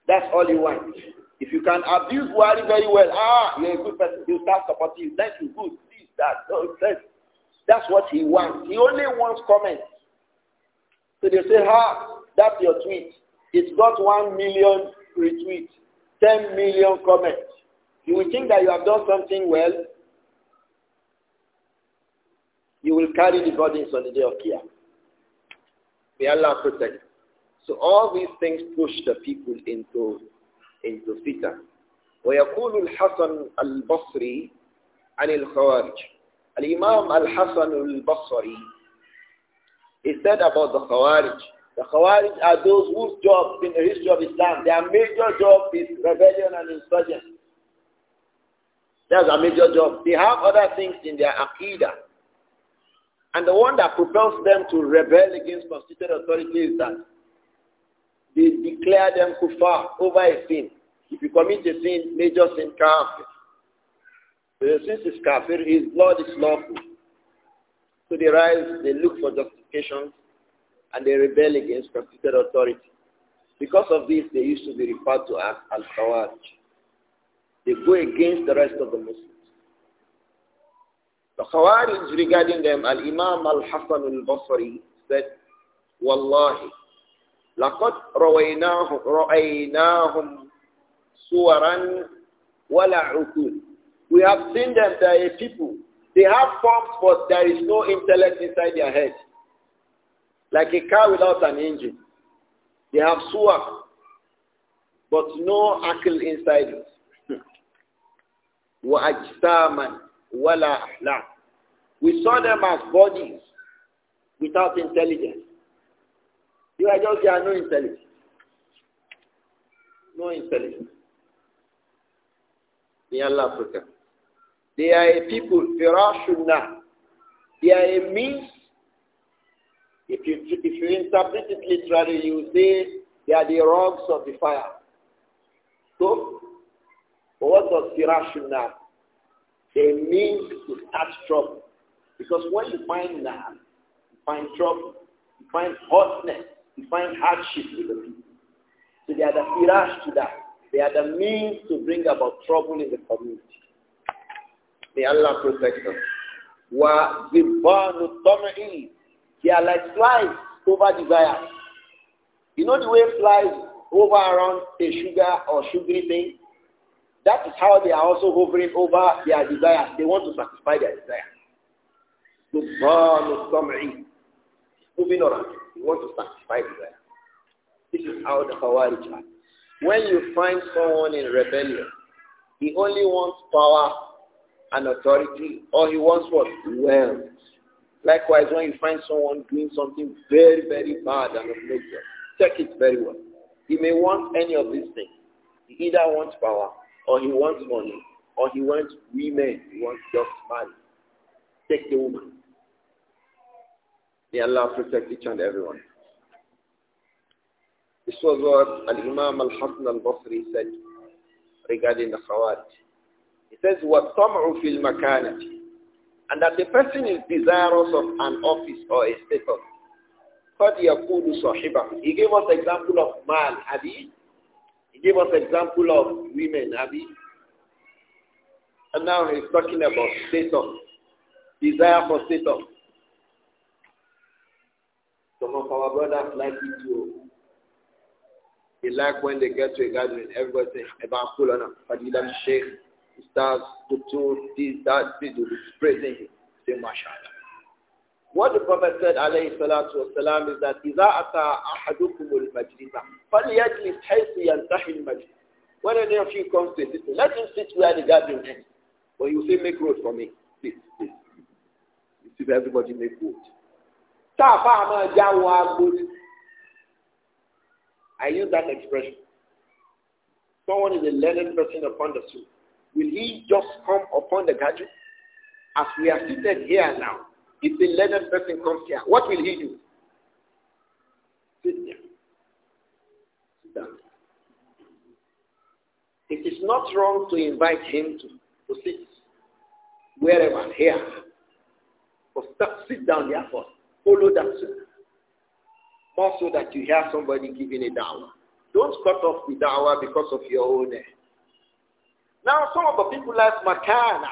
That's all you want. If you can abuse worry very well, ah, you're a good person. You will start supporting you. Thank you, good. Please, that. No, thank you. That's what he wants. He only wants comments. So they say, ha, that's your tweet. It's got 1 million retweets, 10 million comments. You will think that you have done something well. You will carry the burdens on the day of Qiyam. May Allah protect. So all these things push the people into into fitan. ويقول الحسن البصري عن الخوارج Al-Imam Al-Hassan Al-Basri, he said about the Khawarij, the Khawarij are those whose job in the history of Islam, their major job is rebellion and insurgency. That's a major job. They have other things in their aqidah. And the one that propels them to rebel against constituted authority is that they declare them kuffar over a sin. If you commit a sin, major sin, kafir. Because since he's kafir, his blood is lawful. So they rise, they look for justification, and they rebel against constituted authority. Because of this, they used to be referred to as al-khawarij. They go against the rest of the Muslims. The khawarij regarding them, al-imam al-Hasan al-Basri said, Wallahi, لقد رأيناهم صورا ولا عقول we have seen them, They are people. They have forms, but there is no intellect inside their head. Like a car without an engine. They have swag, but no akil inside it. <laughs> We saw them as bodies without intelligence. You are just, there no intelligence. No intelligence. May Allah Africa. They are a people, firashunna. They are a means. If you, if you interpret it literally, you say they are the rocks of the fire. So, what does firashunna? They means to start trouble. Because when you find that, you find trouble, you find hotness, you find hardship with the people. So they are the firash to that. They are the means to bring about trouble in the community. May Allah protect us. Wa zibbanu tam'i. They are like flies over desire. You know the way flies hover around a sugar or sugary thing? That is how they are also hovering over their desire. They want to satisfy their desire. Zibbanu tam'i. Moving around. they want to satisfy desire. This is how the Khawarij are. When you find someone in rebellion, he only wants power an authority, or he wants what? Wealth. Likewise, when you find someone doing something very, very bad and obnoxious, take it very well. He may want any of these things. He either wants power, or he wants money, or he wants women, he wants just money. Take the woman. May Allah protect each and everyone. This was what Al-Imam Al-Hasan Al-Basri said regarding the Khawarij. He says, وَالطَّمْعُ فِي الْمَكَانَةِ And that the person is desirous of an office or a status. قَدْ يَكُونُ صَحِبًا He gave us example of man, Abi. He gave us example of women, Abi. And now he's talking about status. Desire for status. Some of our brothers like it too. They like when they get to a gathering, everybody says, Eban Kulana, Fadilam Sheikh, he starts to do this, that, this, praising him. Say, mashallah. What the Prophet said, alayhi salatu wasalam, is that, إِذَا أَتَى أَحَدُكُمُ الْمَجْلِسَ فَلْيَجْلِسْ حَيْثُ يَنْتَحِ الْمَجْلِسَ When any of you comes to a let him sit where the garden ends. When you say, make road for me, please, please. You see, everybody make road. Tafa jawa gbori. I use that expression. Someone is a learned person upon the street. Will he just come upon the gathering? As we are seated here now, if the learned person comes here, what will he do? Sit there. Sit down. It is not wrong to invite him to, to sit wherever here. But stop, sit down there first. Follow that sunnah. More so that you hear somebody giving a dawah. Don't cut off the dawah because of your own eh, now, some of the people like Makana,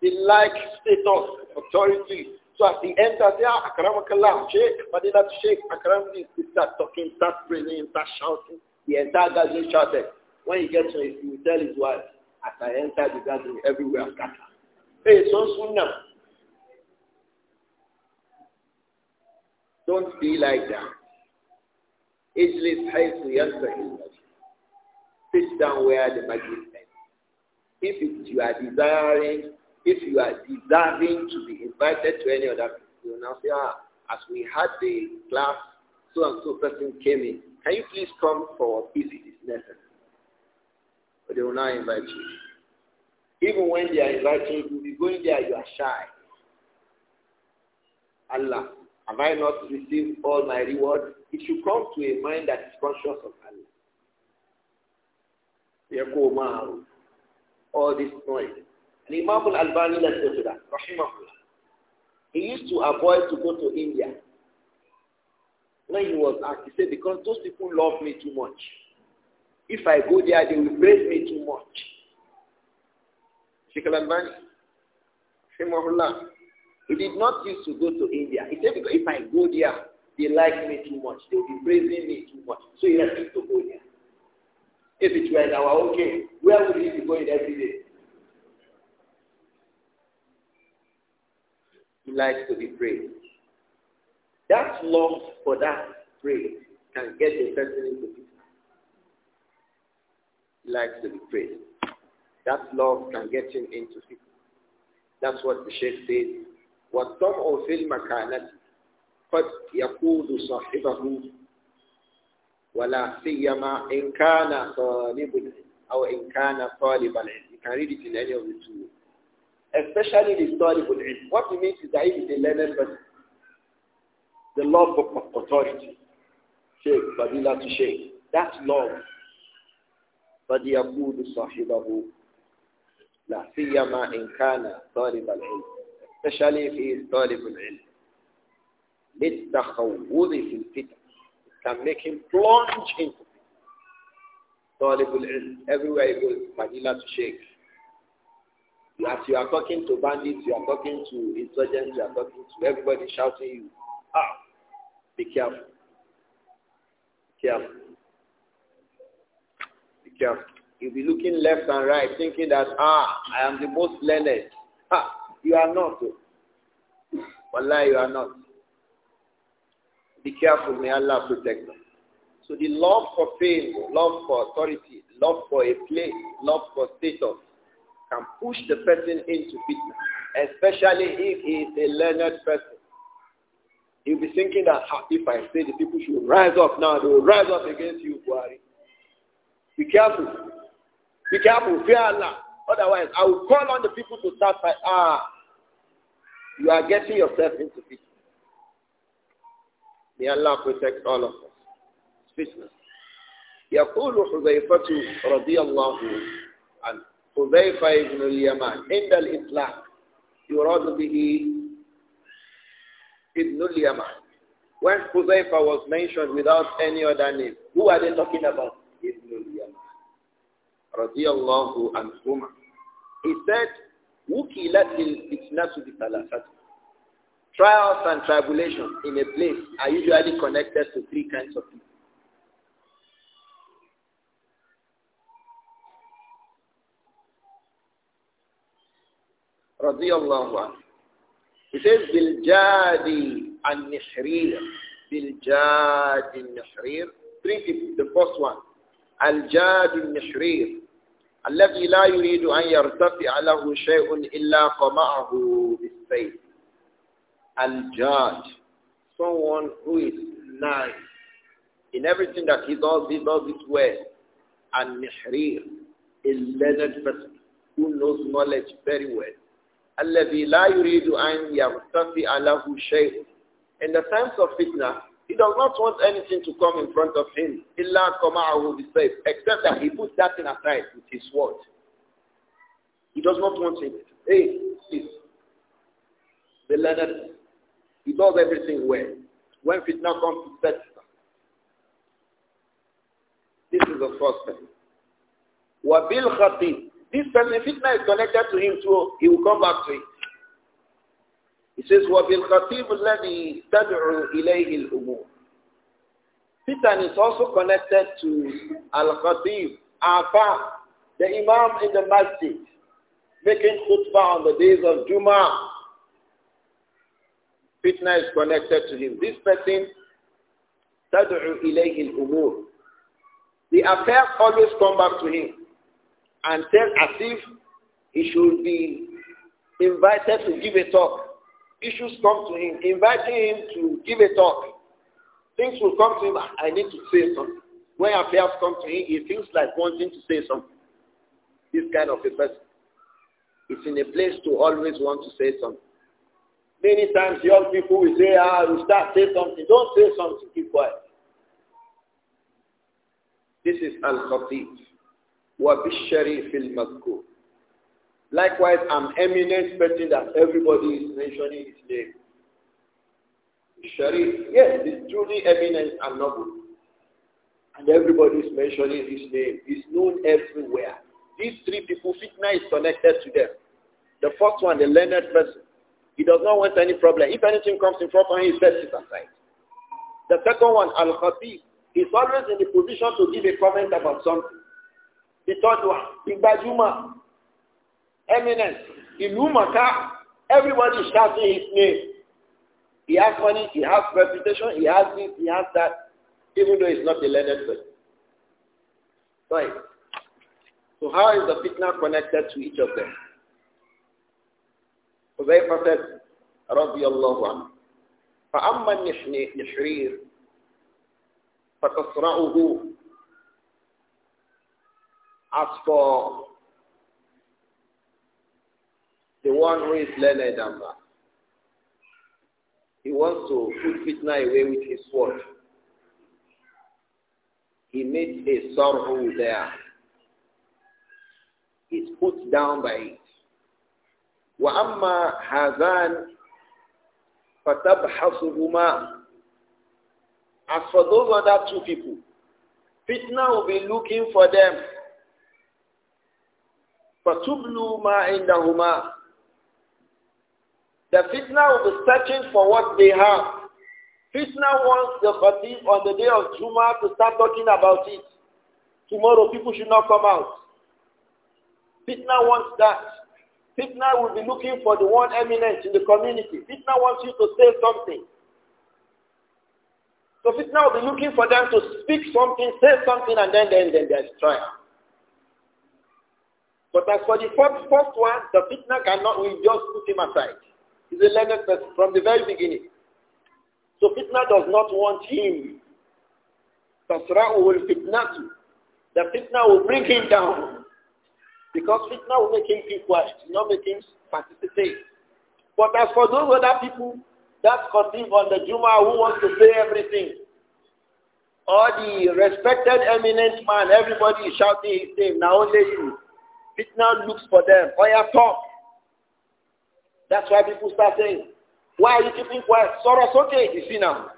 they like status, authority. So at the end of the Akramakallah, Sheikh, Madinat Sheikh, Akram, they start talking, start praying, start shouting. The entire gathering shouted. When he gets home, he will tell his wife, as I enter the gathering, everywhere scatter. Hey, so soon now. Don't be like that. Ijlis haythu yantahi Sit down where the magic if you are desiring, if you are deserving to be invited to any other place, you now say, ah, as we had the class, so and so person came in. Can you please come for if it is necessary? But they will not invite you. Even when they are inviting you, you going there, you are shy. Allah, have I not received all my reward? It should come to a mind that is conscious of Allah all this noise. And Imam al-Albani, let's go to that. Rahimahullah. He used to avoid to go to India. When he was asked, he said, because those people love me too much. If I go there, they will praise me too much. Sheikh al-Albani, Rahimahullah. He did not used to go to India. He said, because if I go there, they like me too much. They will be praising me too much. So he refused to go there. If it were in our own game, where would he be going every day? He likes to be praised. That love for that praise can get a person into people. He likes to be praised. That love can get him into people. That's what the Sheikh says. وَالطَّمْعُ فِي الْمَكَانَةِ قَدْ يَقُودُ صَاحِبَهُ ولا سيما إن كان طالب أو إن كان طالب العلم you can read it in any of the two especially the طالب العلم what it means is that he is a learned person the love of authority Sheikh Fadila to Sheikh that's love فليقود صاحبه لا سيما إن كان طالب العلم especially if he is طالب العلم للتخوض في الفتن can make him plunge into Talibul Everywhere he goes, Manila to shake. As you are talking to bandits, you are talking to insurgents, you are talking to everybody shouting you. Ah, be careful. Be careful. Be careful. You'll be looking left and right, thinking that, ah, I am the most learned. Ah, you are not. Oh. Wallah, you are not. Be careful. May Allah protect us. So the love for fame, love for authority, love for a place, love for status can push the person into fitness, especially if he is a learned person. He'll be thinking that if I say the people should rise up now, they will rise up against you, Buhari. Be careful. Be careful. Fear Allah. Otherwise, I will call on the people to start by, ah, you are getting yourself into fitness. May Allah protect all of us. Fitna. يقول حذيفة رضي الله عنه حذيفة بن اليمان عند الإطلاق يراد به ابن اليمان When حُذَيْفَةُ was mentioned without any other name, who are they talking about? Ibn al-Yaman. Radiallahu anhuma. He said, وكلت الفتنة بثلاثة Trials and tribulations in a place are usually connected to three kinds of people. Radiallahu anhu. He says, Biljadi al-Nishrir. Biljadi nishrir Three people. The first one. Al-Jadi nishrir الذي لا يريد أن يرتفع له شيء إلا قمعه بالسيف and judge someone who is nice. In everything that he does, he does it well. And Mihrir, a learned person who knows knowledge very well. الذي لا يريد أن يرتفع له شيء. In the times of fitna, he does not want anything to come in front of him. إلا كمعه بالسيف. Except that he puts that thing aside with his sword. He does not want it. Hey, please. The learned he does everything well. When fitna comes, to sets This is the first thing. Wabil Khatib. This person, fitna is connected to him too. He will come back to it. He says, وَبِالْ خَطِيبُ الَّذِي تَدْعُ إِلَيْهِ الْأُمُورِ Fitan is also connected to Al-Khatib, Afa, the Imam in the Masjid, making khutbah on the days of Jummah. Fitna is connected to him. This person, تَدْعُ إِلَيْهِ الْأُمُورِ The affairs always come back to him and tell as if he should be invited to give a talk. Issues come to him, inviting him to give a talk. Things will come to him, I need to say something. When affairs come to him, he feels like wanting to say something. This kind of a person is in a place to always want to say something. Many times young people will say, ah, you start, say something. Don't say something, keep quiet. This is Al-Khatib. وَبِالشَّرِيفِ الْمَذْكُورِ Likewise, I'm eminent person that everybody is mentioning his name. Sharif, yes, is truly eminent and noble. And everybody is mentioning his name. He's known everywhere. These three people, fitna is connected to them. The first one, the learned person. He does not want any problem. If anything comes in front of him, he sets it aside. The second one, Al-Khatib, he's always in the position to give a comment about something. The third one, Ibajuma, eminence, Ilumaka, everybody is shouting his name. He has money, he has reputation, he has this, he has that, even though he's not a learned person. Right. So how is the fitna connected to each of them? رضي الله عنه فأما النحرير فتصرعه as for the one who is learned and he wants to put fitna away with his sword. He made a sorrow there. He's put down by وأما هذان فتبحثهما As for those other two people, fitna will be looking for them. فَتُبْلُوا مَا The fitna will be searching for what they have. Fitna wants the khatib on the day of Juma to start talking about it. Tomorrow people should not come out. Fitna wants that. Fitna will be looking for the one eminent in the community. Fitna wants you to say something. So Fitna will be looking for them to speak something, say something, and then, then, then there's trial. But as for the first, first one, the Fitna cannot, we just put him aside. He's a learned person from the very beginning. So Fitna does not want him. Tasra'u will him. The Fitna will bring him down. Because fitna will make him keep quiet, not make him participate. But as for those other people that continue on the Juma who wants to say everything, or the respected eminent man, everybody is shouting his name, now only you. Fitna looks for them. Oh talk. That's why people start saying, why are you keeping quiet? Soros, okay, you see now.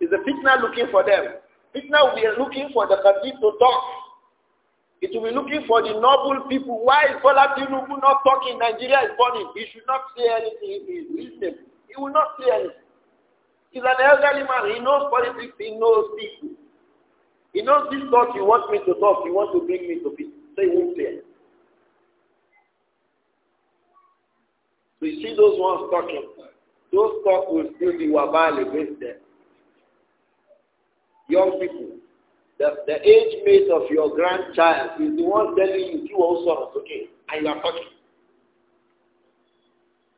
Is the fitna looking for them? Fitna will be looking for the Khatib to talk. It will be looking for the noble people. Why is Bola Tinubu not talking? Nigeria is burning. He should not say anything. He is reasonable. He will not say anything. He is an elderly man. He knows politics. He knows people. He knows this talk. He wants me to talk. He wants to bring me to peace. So he won't say anything. So you see those ones talking. Those talk will still be wabal based there. Young people. The, the age mate of your grandchild is the one telling you, two also okay, and you are talking.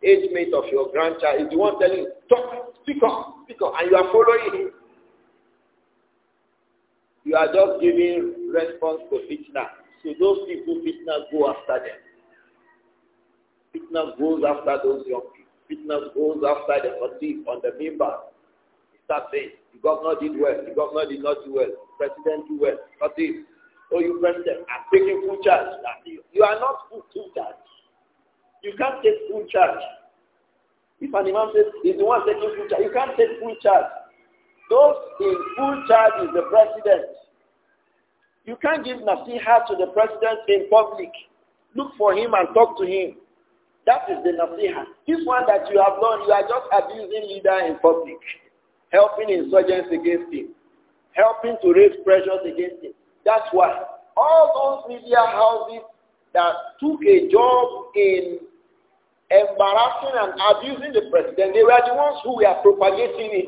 Age mate of your grandchild is the one telling you, talk, speak up, speak up, and you are following him. You are just giving response to fitna. So those people, fitna go after them. Fitna goes after those young people. Fitna goes after the fatigues on the member. He starts saying, the governor did well, the governor did not do well president do well. Not this. Oh, you president I'm taking full charge. You are not full, full charge. You can't take full charge. If an imam says he's the one taking full charge, you can't take full charge. Those in full charge is the president. You can't give nasiha to the president in public. Look for him and talk to him. That is the nasiha. This one that you have done, you are just abusing leader in public, helping insurgents against him helping to raise pressures against it. That's why all those media houses that took a job in embarrassing and abusing the president, they were the ones who were propagating it.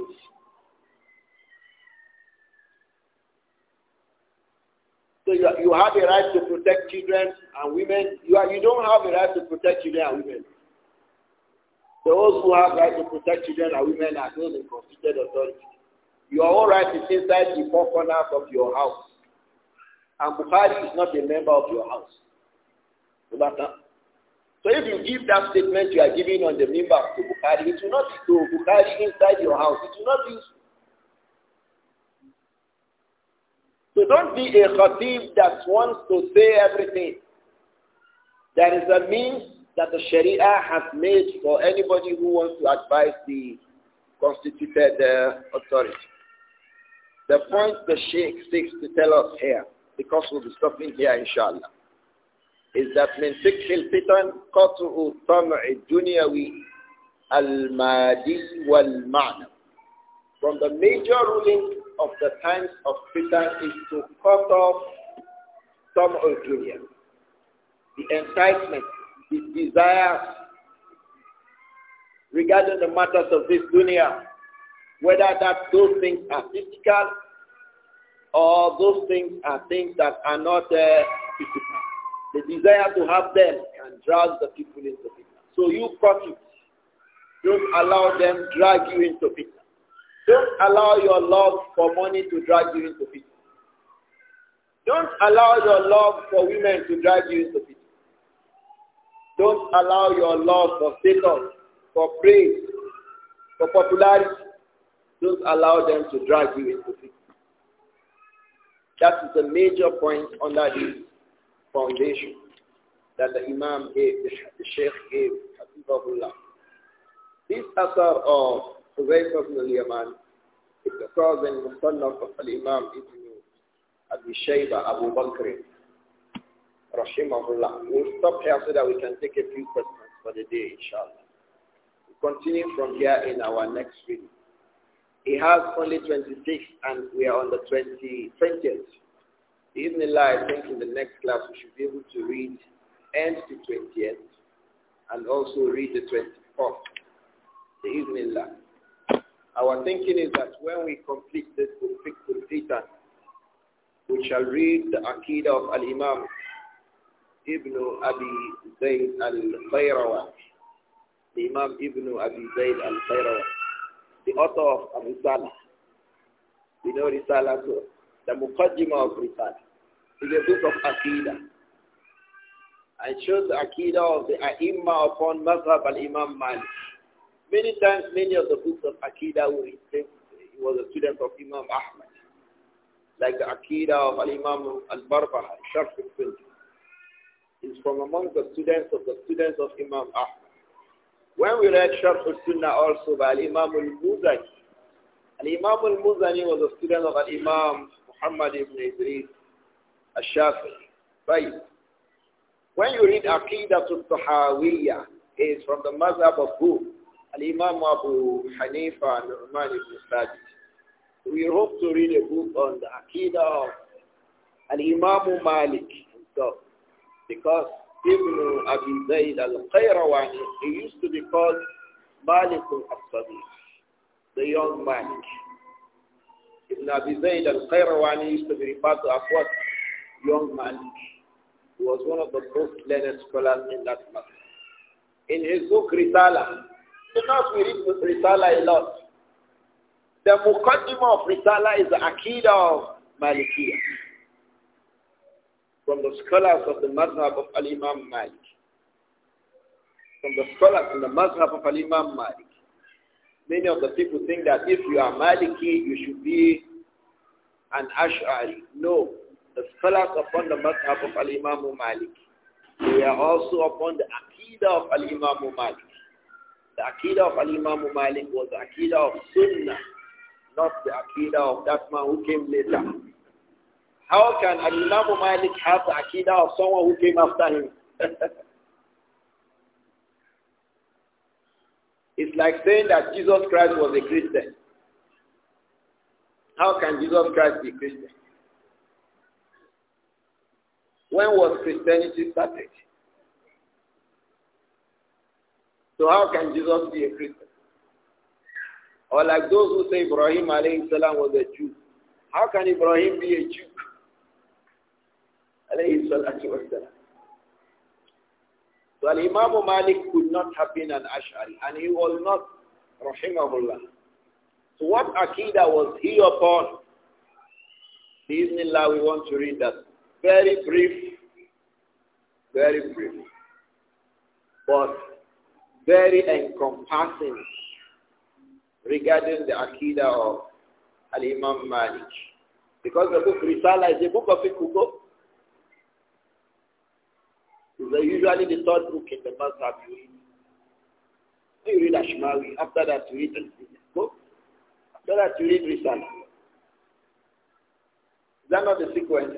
So you, you have a right to protect children and women. You, are, you don't have a right to protect children and women. Those who have right to protect children and women are those in constituted authority. Your own right is inside the four corners of your house. And Bukhari is not a member of your house. So if you give that statement you are giving on the member to Bukhari, it will not be to Bukhari inside your house. It will not be So don't be a khatib that wants to say everything. There is a means that the Sharia has made for anybody who wants to advise the constituted uh, authority. The point the Sheikh seeks to tell us here, because we'll be stopping here inshallah, is that من فكح الفتن قطع الطمع الدنيوي المادي والمعنى. From the major ruling of the times of fitan is to cut off طمع الدنيا. The enticement, the desires regarding the matters of this dunya whether that those things are physical or those things are things that are not uh, physical. The desire to have them can drag the people into it. So you profit. Don't allow them drag you into it. Don't allow your love for money to drag you into it. Don't allow your love for women to drag you into it. Don't allow your love for status, for praise, for popularity don't allow them to drag you into fitna. That is a major point under the foundation that the Imam gave, the, the Sheikh gave, Hafizahullah. This asar of Huzayf ibn al-Yaman is the cousin Musannaf of al-Imam ibn Abi Shayba Abu Bakr Rahimahullah. We'll stop here so that we can take a few questions for the day, inshallah. we we'll continue from here in our next video. He has only 26 and we are on the 20, 20th. Even I think in the next class we should be able to read end to 20th and also read the 24th. The evening lab. Our thinking is that when we complete this book, we shall read the akidah of Al-Imam Ibn Abi Zayd Al-Qayrawa. The Imam Ibn Abi Zayd Al-Qayrawa the author of Abu Salah. We know Risala too. The Muqaddimah of Risala is a book of Aqidah. And shows the Aqidah of the A'imma upon Mazhab al-Imam Malik. Many times, many of the books of Aqidah were written. He was a student of Imam Ahmad. Like the Aqidah of al-Imam al-Barbaha, Sharf al-Fiqh. He's from among the students of the students of Imam Ahmad. When we read Sharh al-Sunnah also by Imam al-Muzani, and Imam al-Muzani was a student of Imam Muhammad ibn Idris al-Shafi'i. Right. When you read Aqidat al-Tahawiyya, is from the mazhab of who? Al-Imam Abu Hanifa and Uman ibn Sajid. We hope to read a book on the Aqidah of Al-Imam Malik himself. Because Ibn Abi Zayd al-Qayrawani, he used to be called Malik al-Sadiq, the young Malik. Ibn Abi Zayd al-Qayrawani used to be referred to as what? Young Malik. He was one of the most learned scholars in that matter. In his book Risala, because we read Risala a lot, the Muqaddimah of Risala is the Akida of Malikiyah from the scholars of the madhab of Al-Imam Malik. From the scholars in the madhab of Al-Imam Malik. Many of the people think that if you are Maliki, you should be an Ash'ari. No, the scholars upon the madhab of Al-Imam Malik. They are also upon the Aqidah of Al-Imam Malik. The Aqidah of Al-Imam Malik was the Aqidah of Sunnah, not the Aqidah of that man who came later. How can Imam Malik have the akida of someone who came after him? <laughs> it's like saying that Jesus Christ was a Christian. How can Jesus Christ be Christian? When was Christianity started? So how can Jesus be a Christian? Or like those who say Ibrahim alayhi salam was a Jew. How can Ibrahim be a Jew? alayhi salatu wasalam. So Imam Malik could not have been an Ash'ari, and he was not, rahimahullah. So what akida was he upon? Bismillah, we want to read that. Very brief, very brief, but very encompassing regarding the akida of Al-Imam Malik. Because the book Risala is a book of Fiqh usually the third book in the Mazhab you read. you read Ashmawi. After that you read book. After that you read Risala. Is that not the sequence?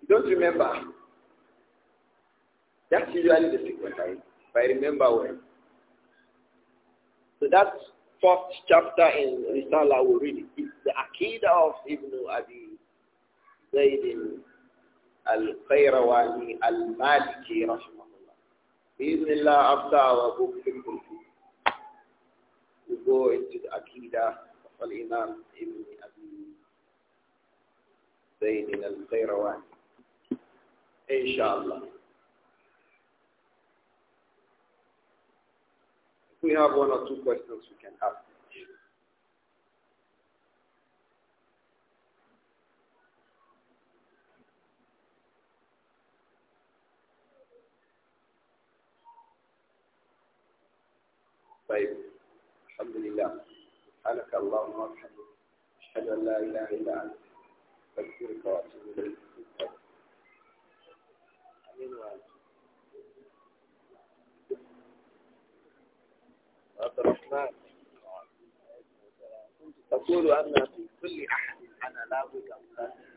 You don't remember. That's usually the sequence, I, if I remember well. So that first chapter in Risala, we read it. It's the Akida of Ibn Abi Zayd القيرواني المالكي رحمه الله بإذن الله أبدا وأبوك في الملك وهو إنتد أكيدا الإمام ابن أبي زين القيرواني إن شاء الله We have one or two questions we can ask. طيب الحمد لله سبحانك اللهم وبحمدك أشهد أن لا إله إلا أنت أستغفرك وأتوب إليك آمين وآمين عبد الرحمن تقول أن في كل أحد أنا بد أن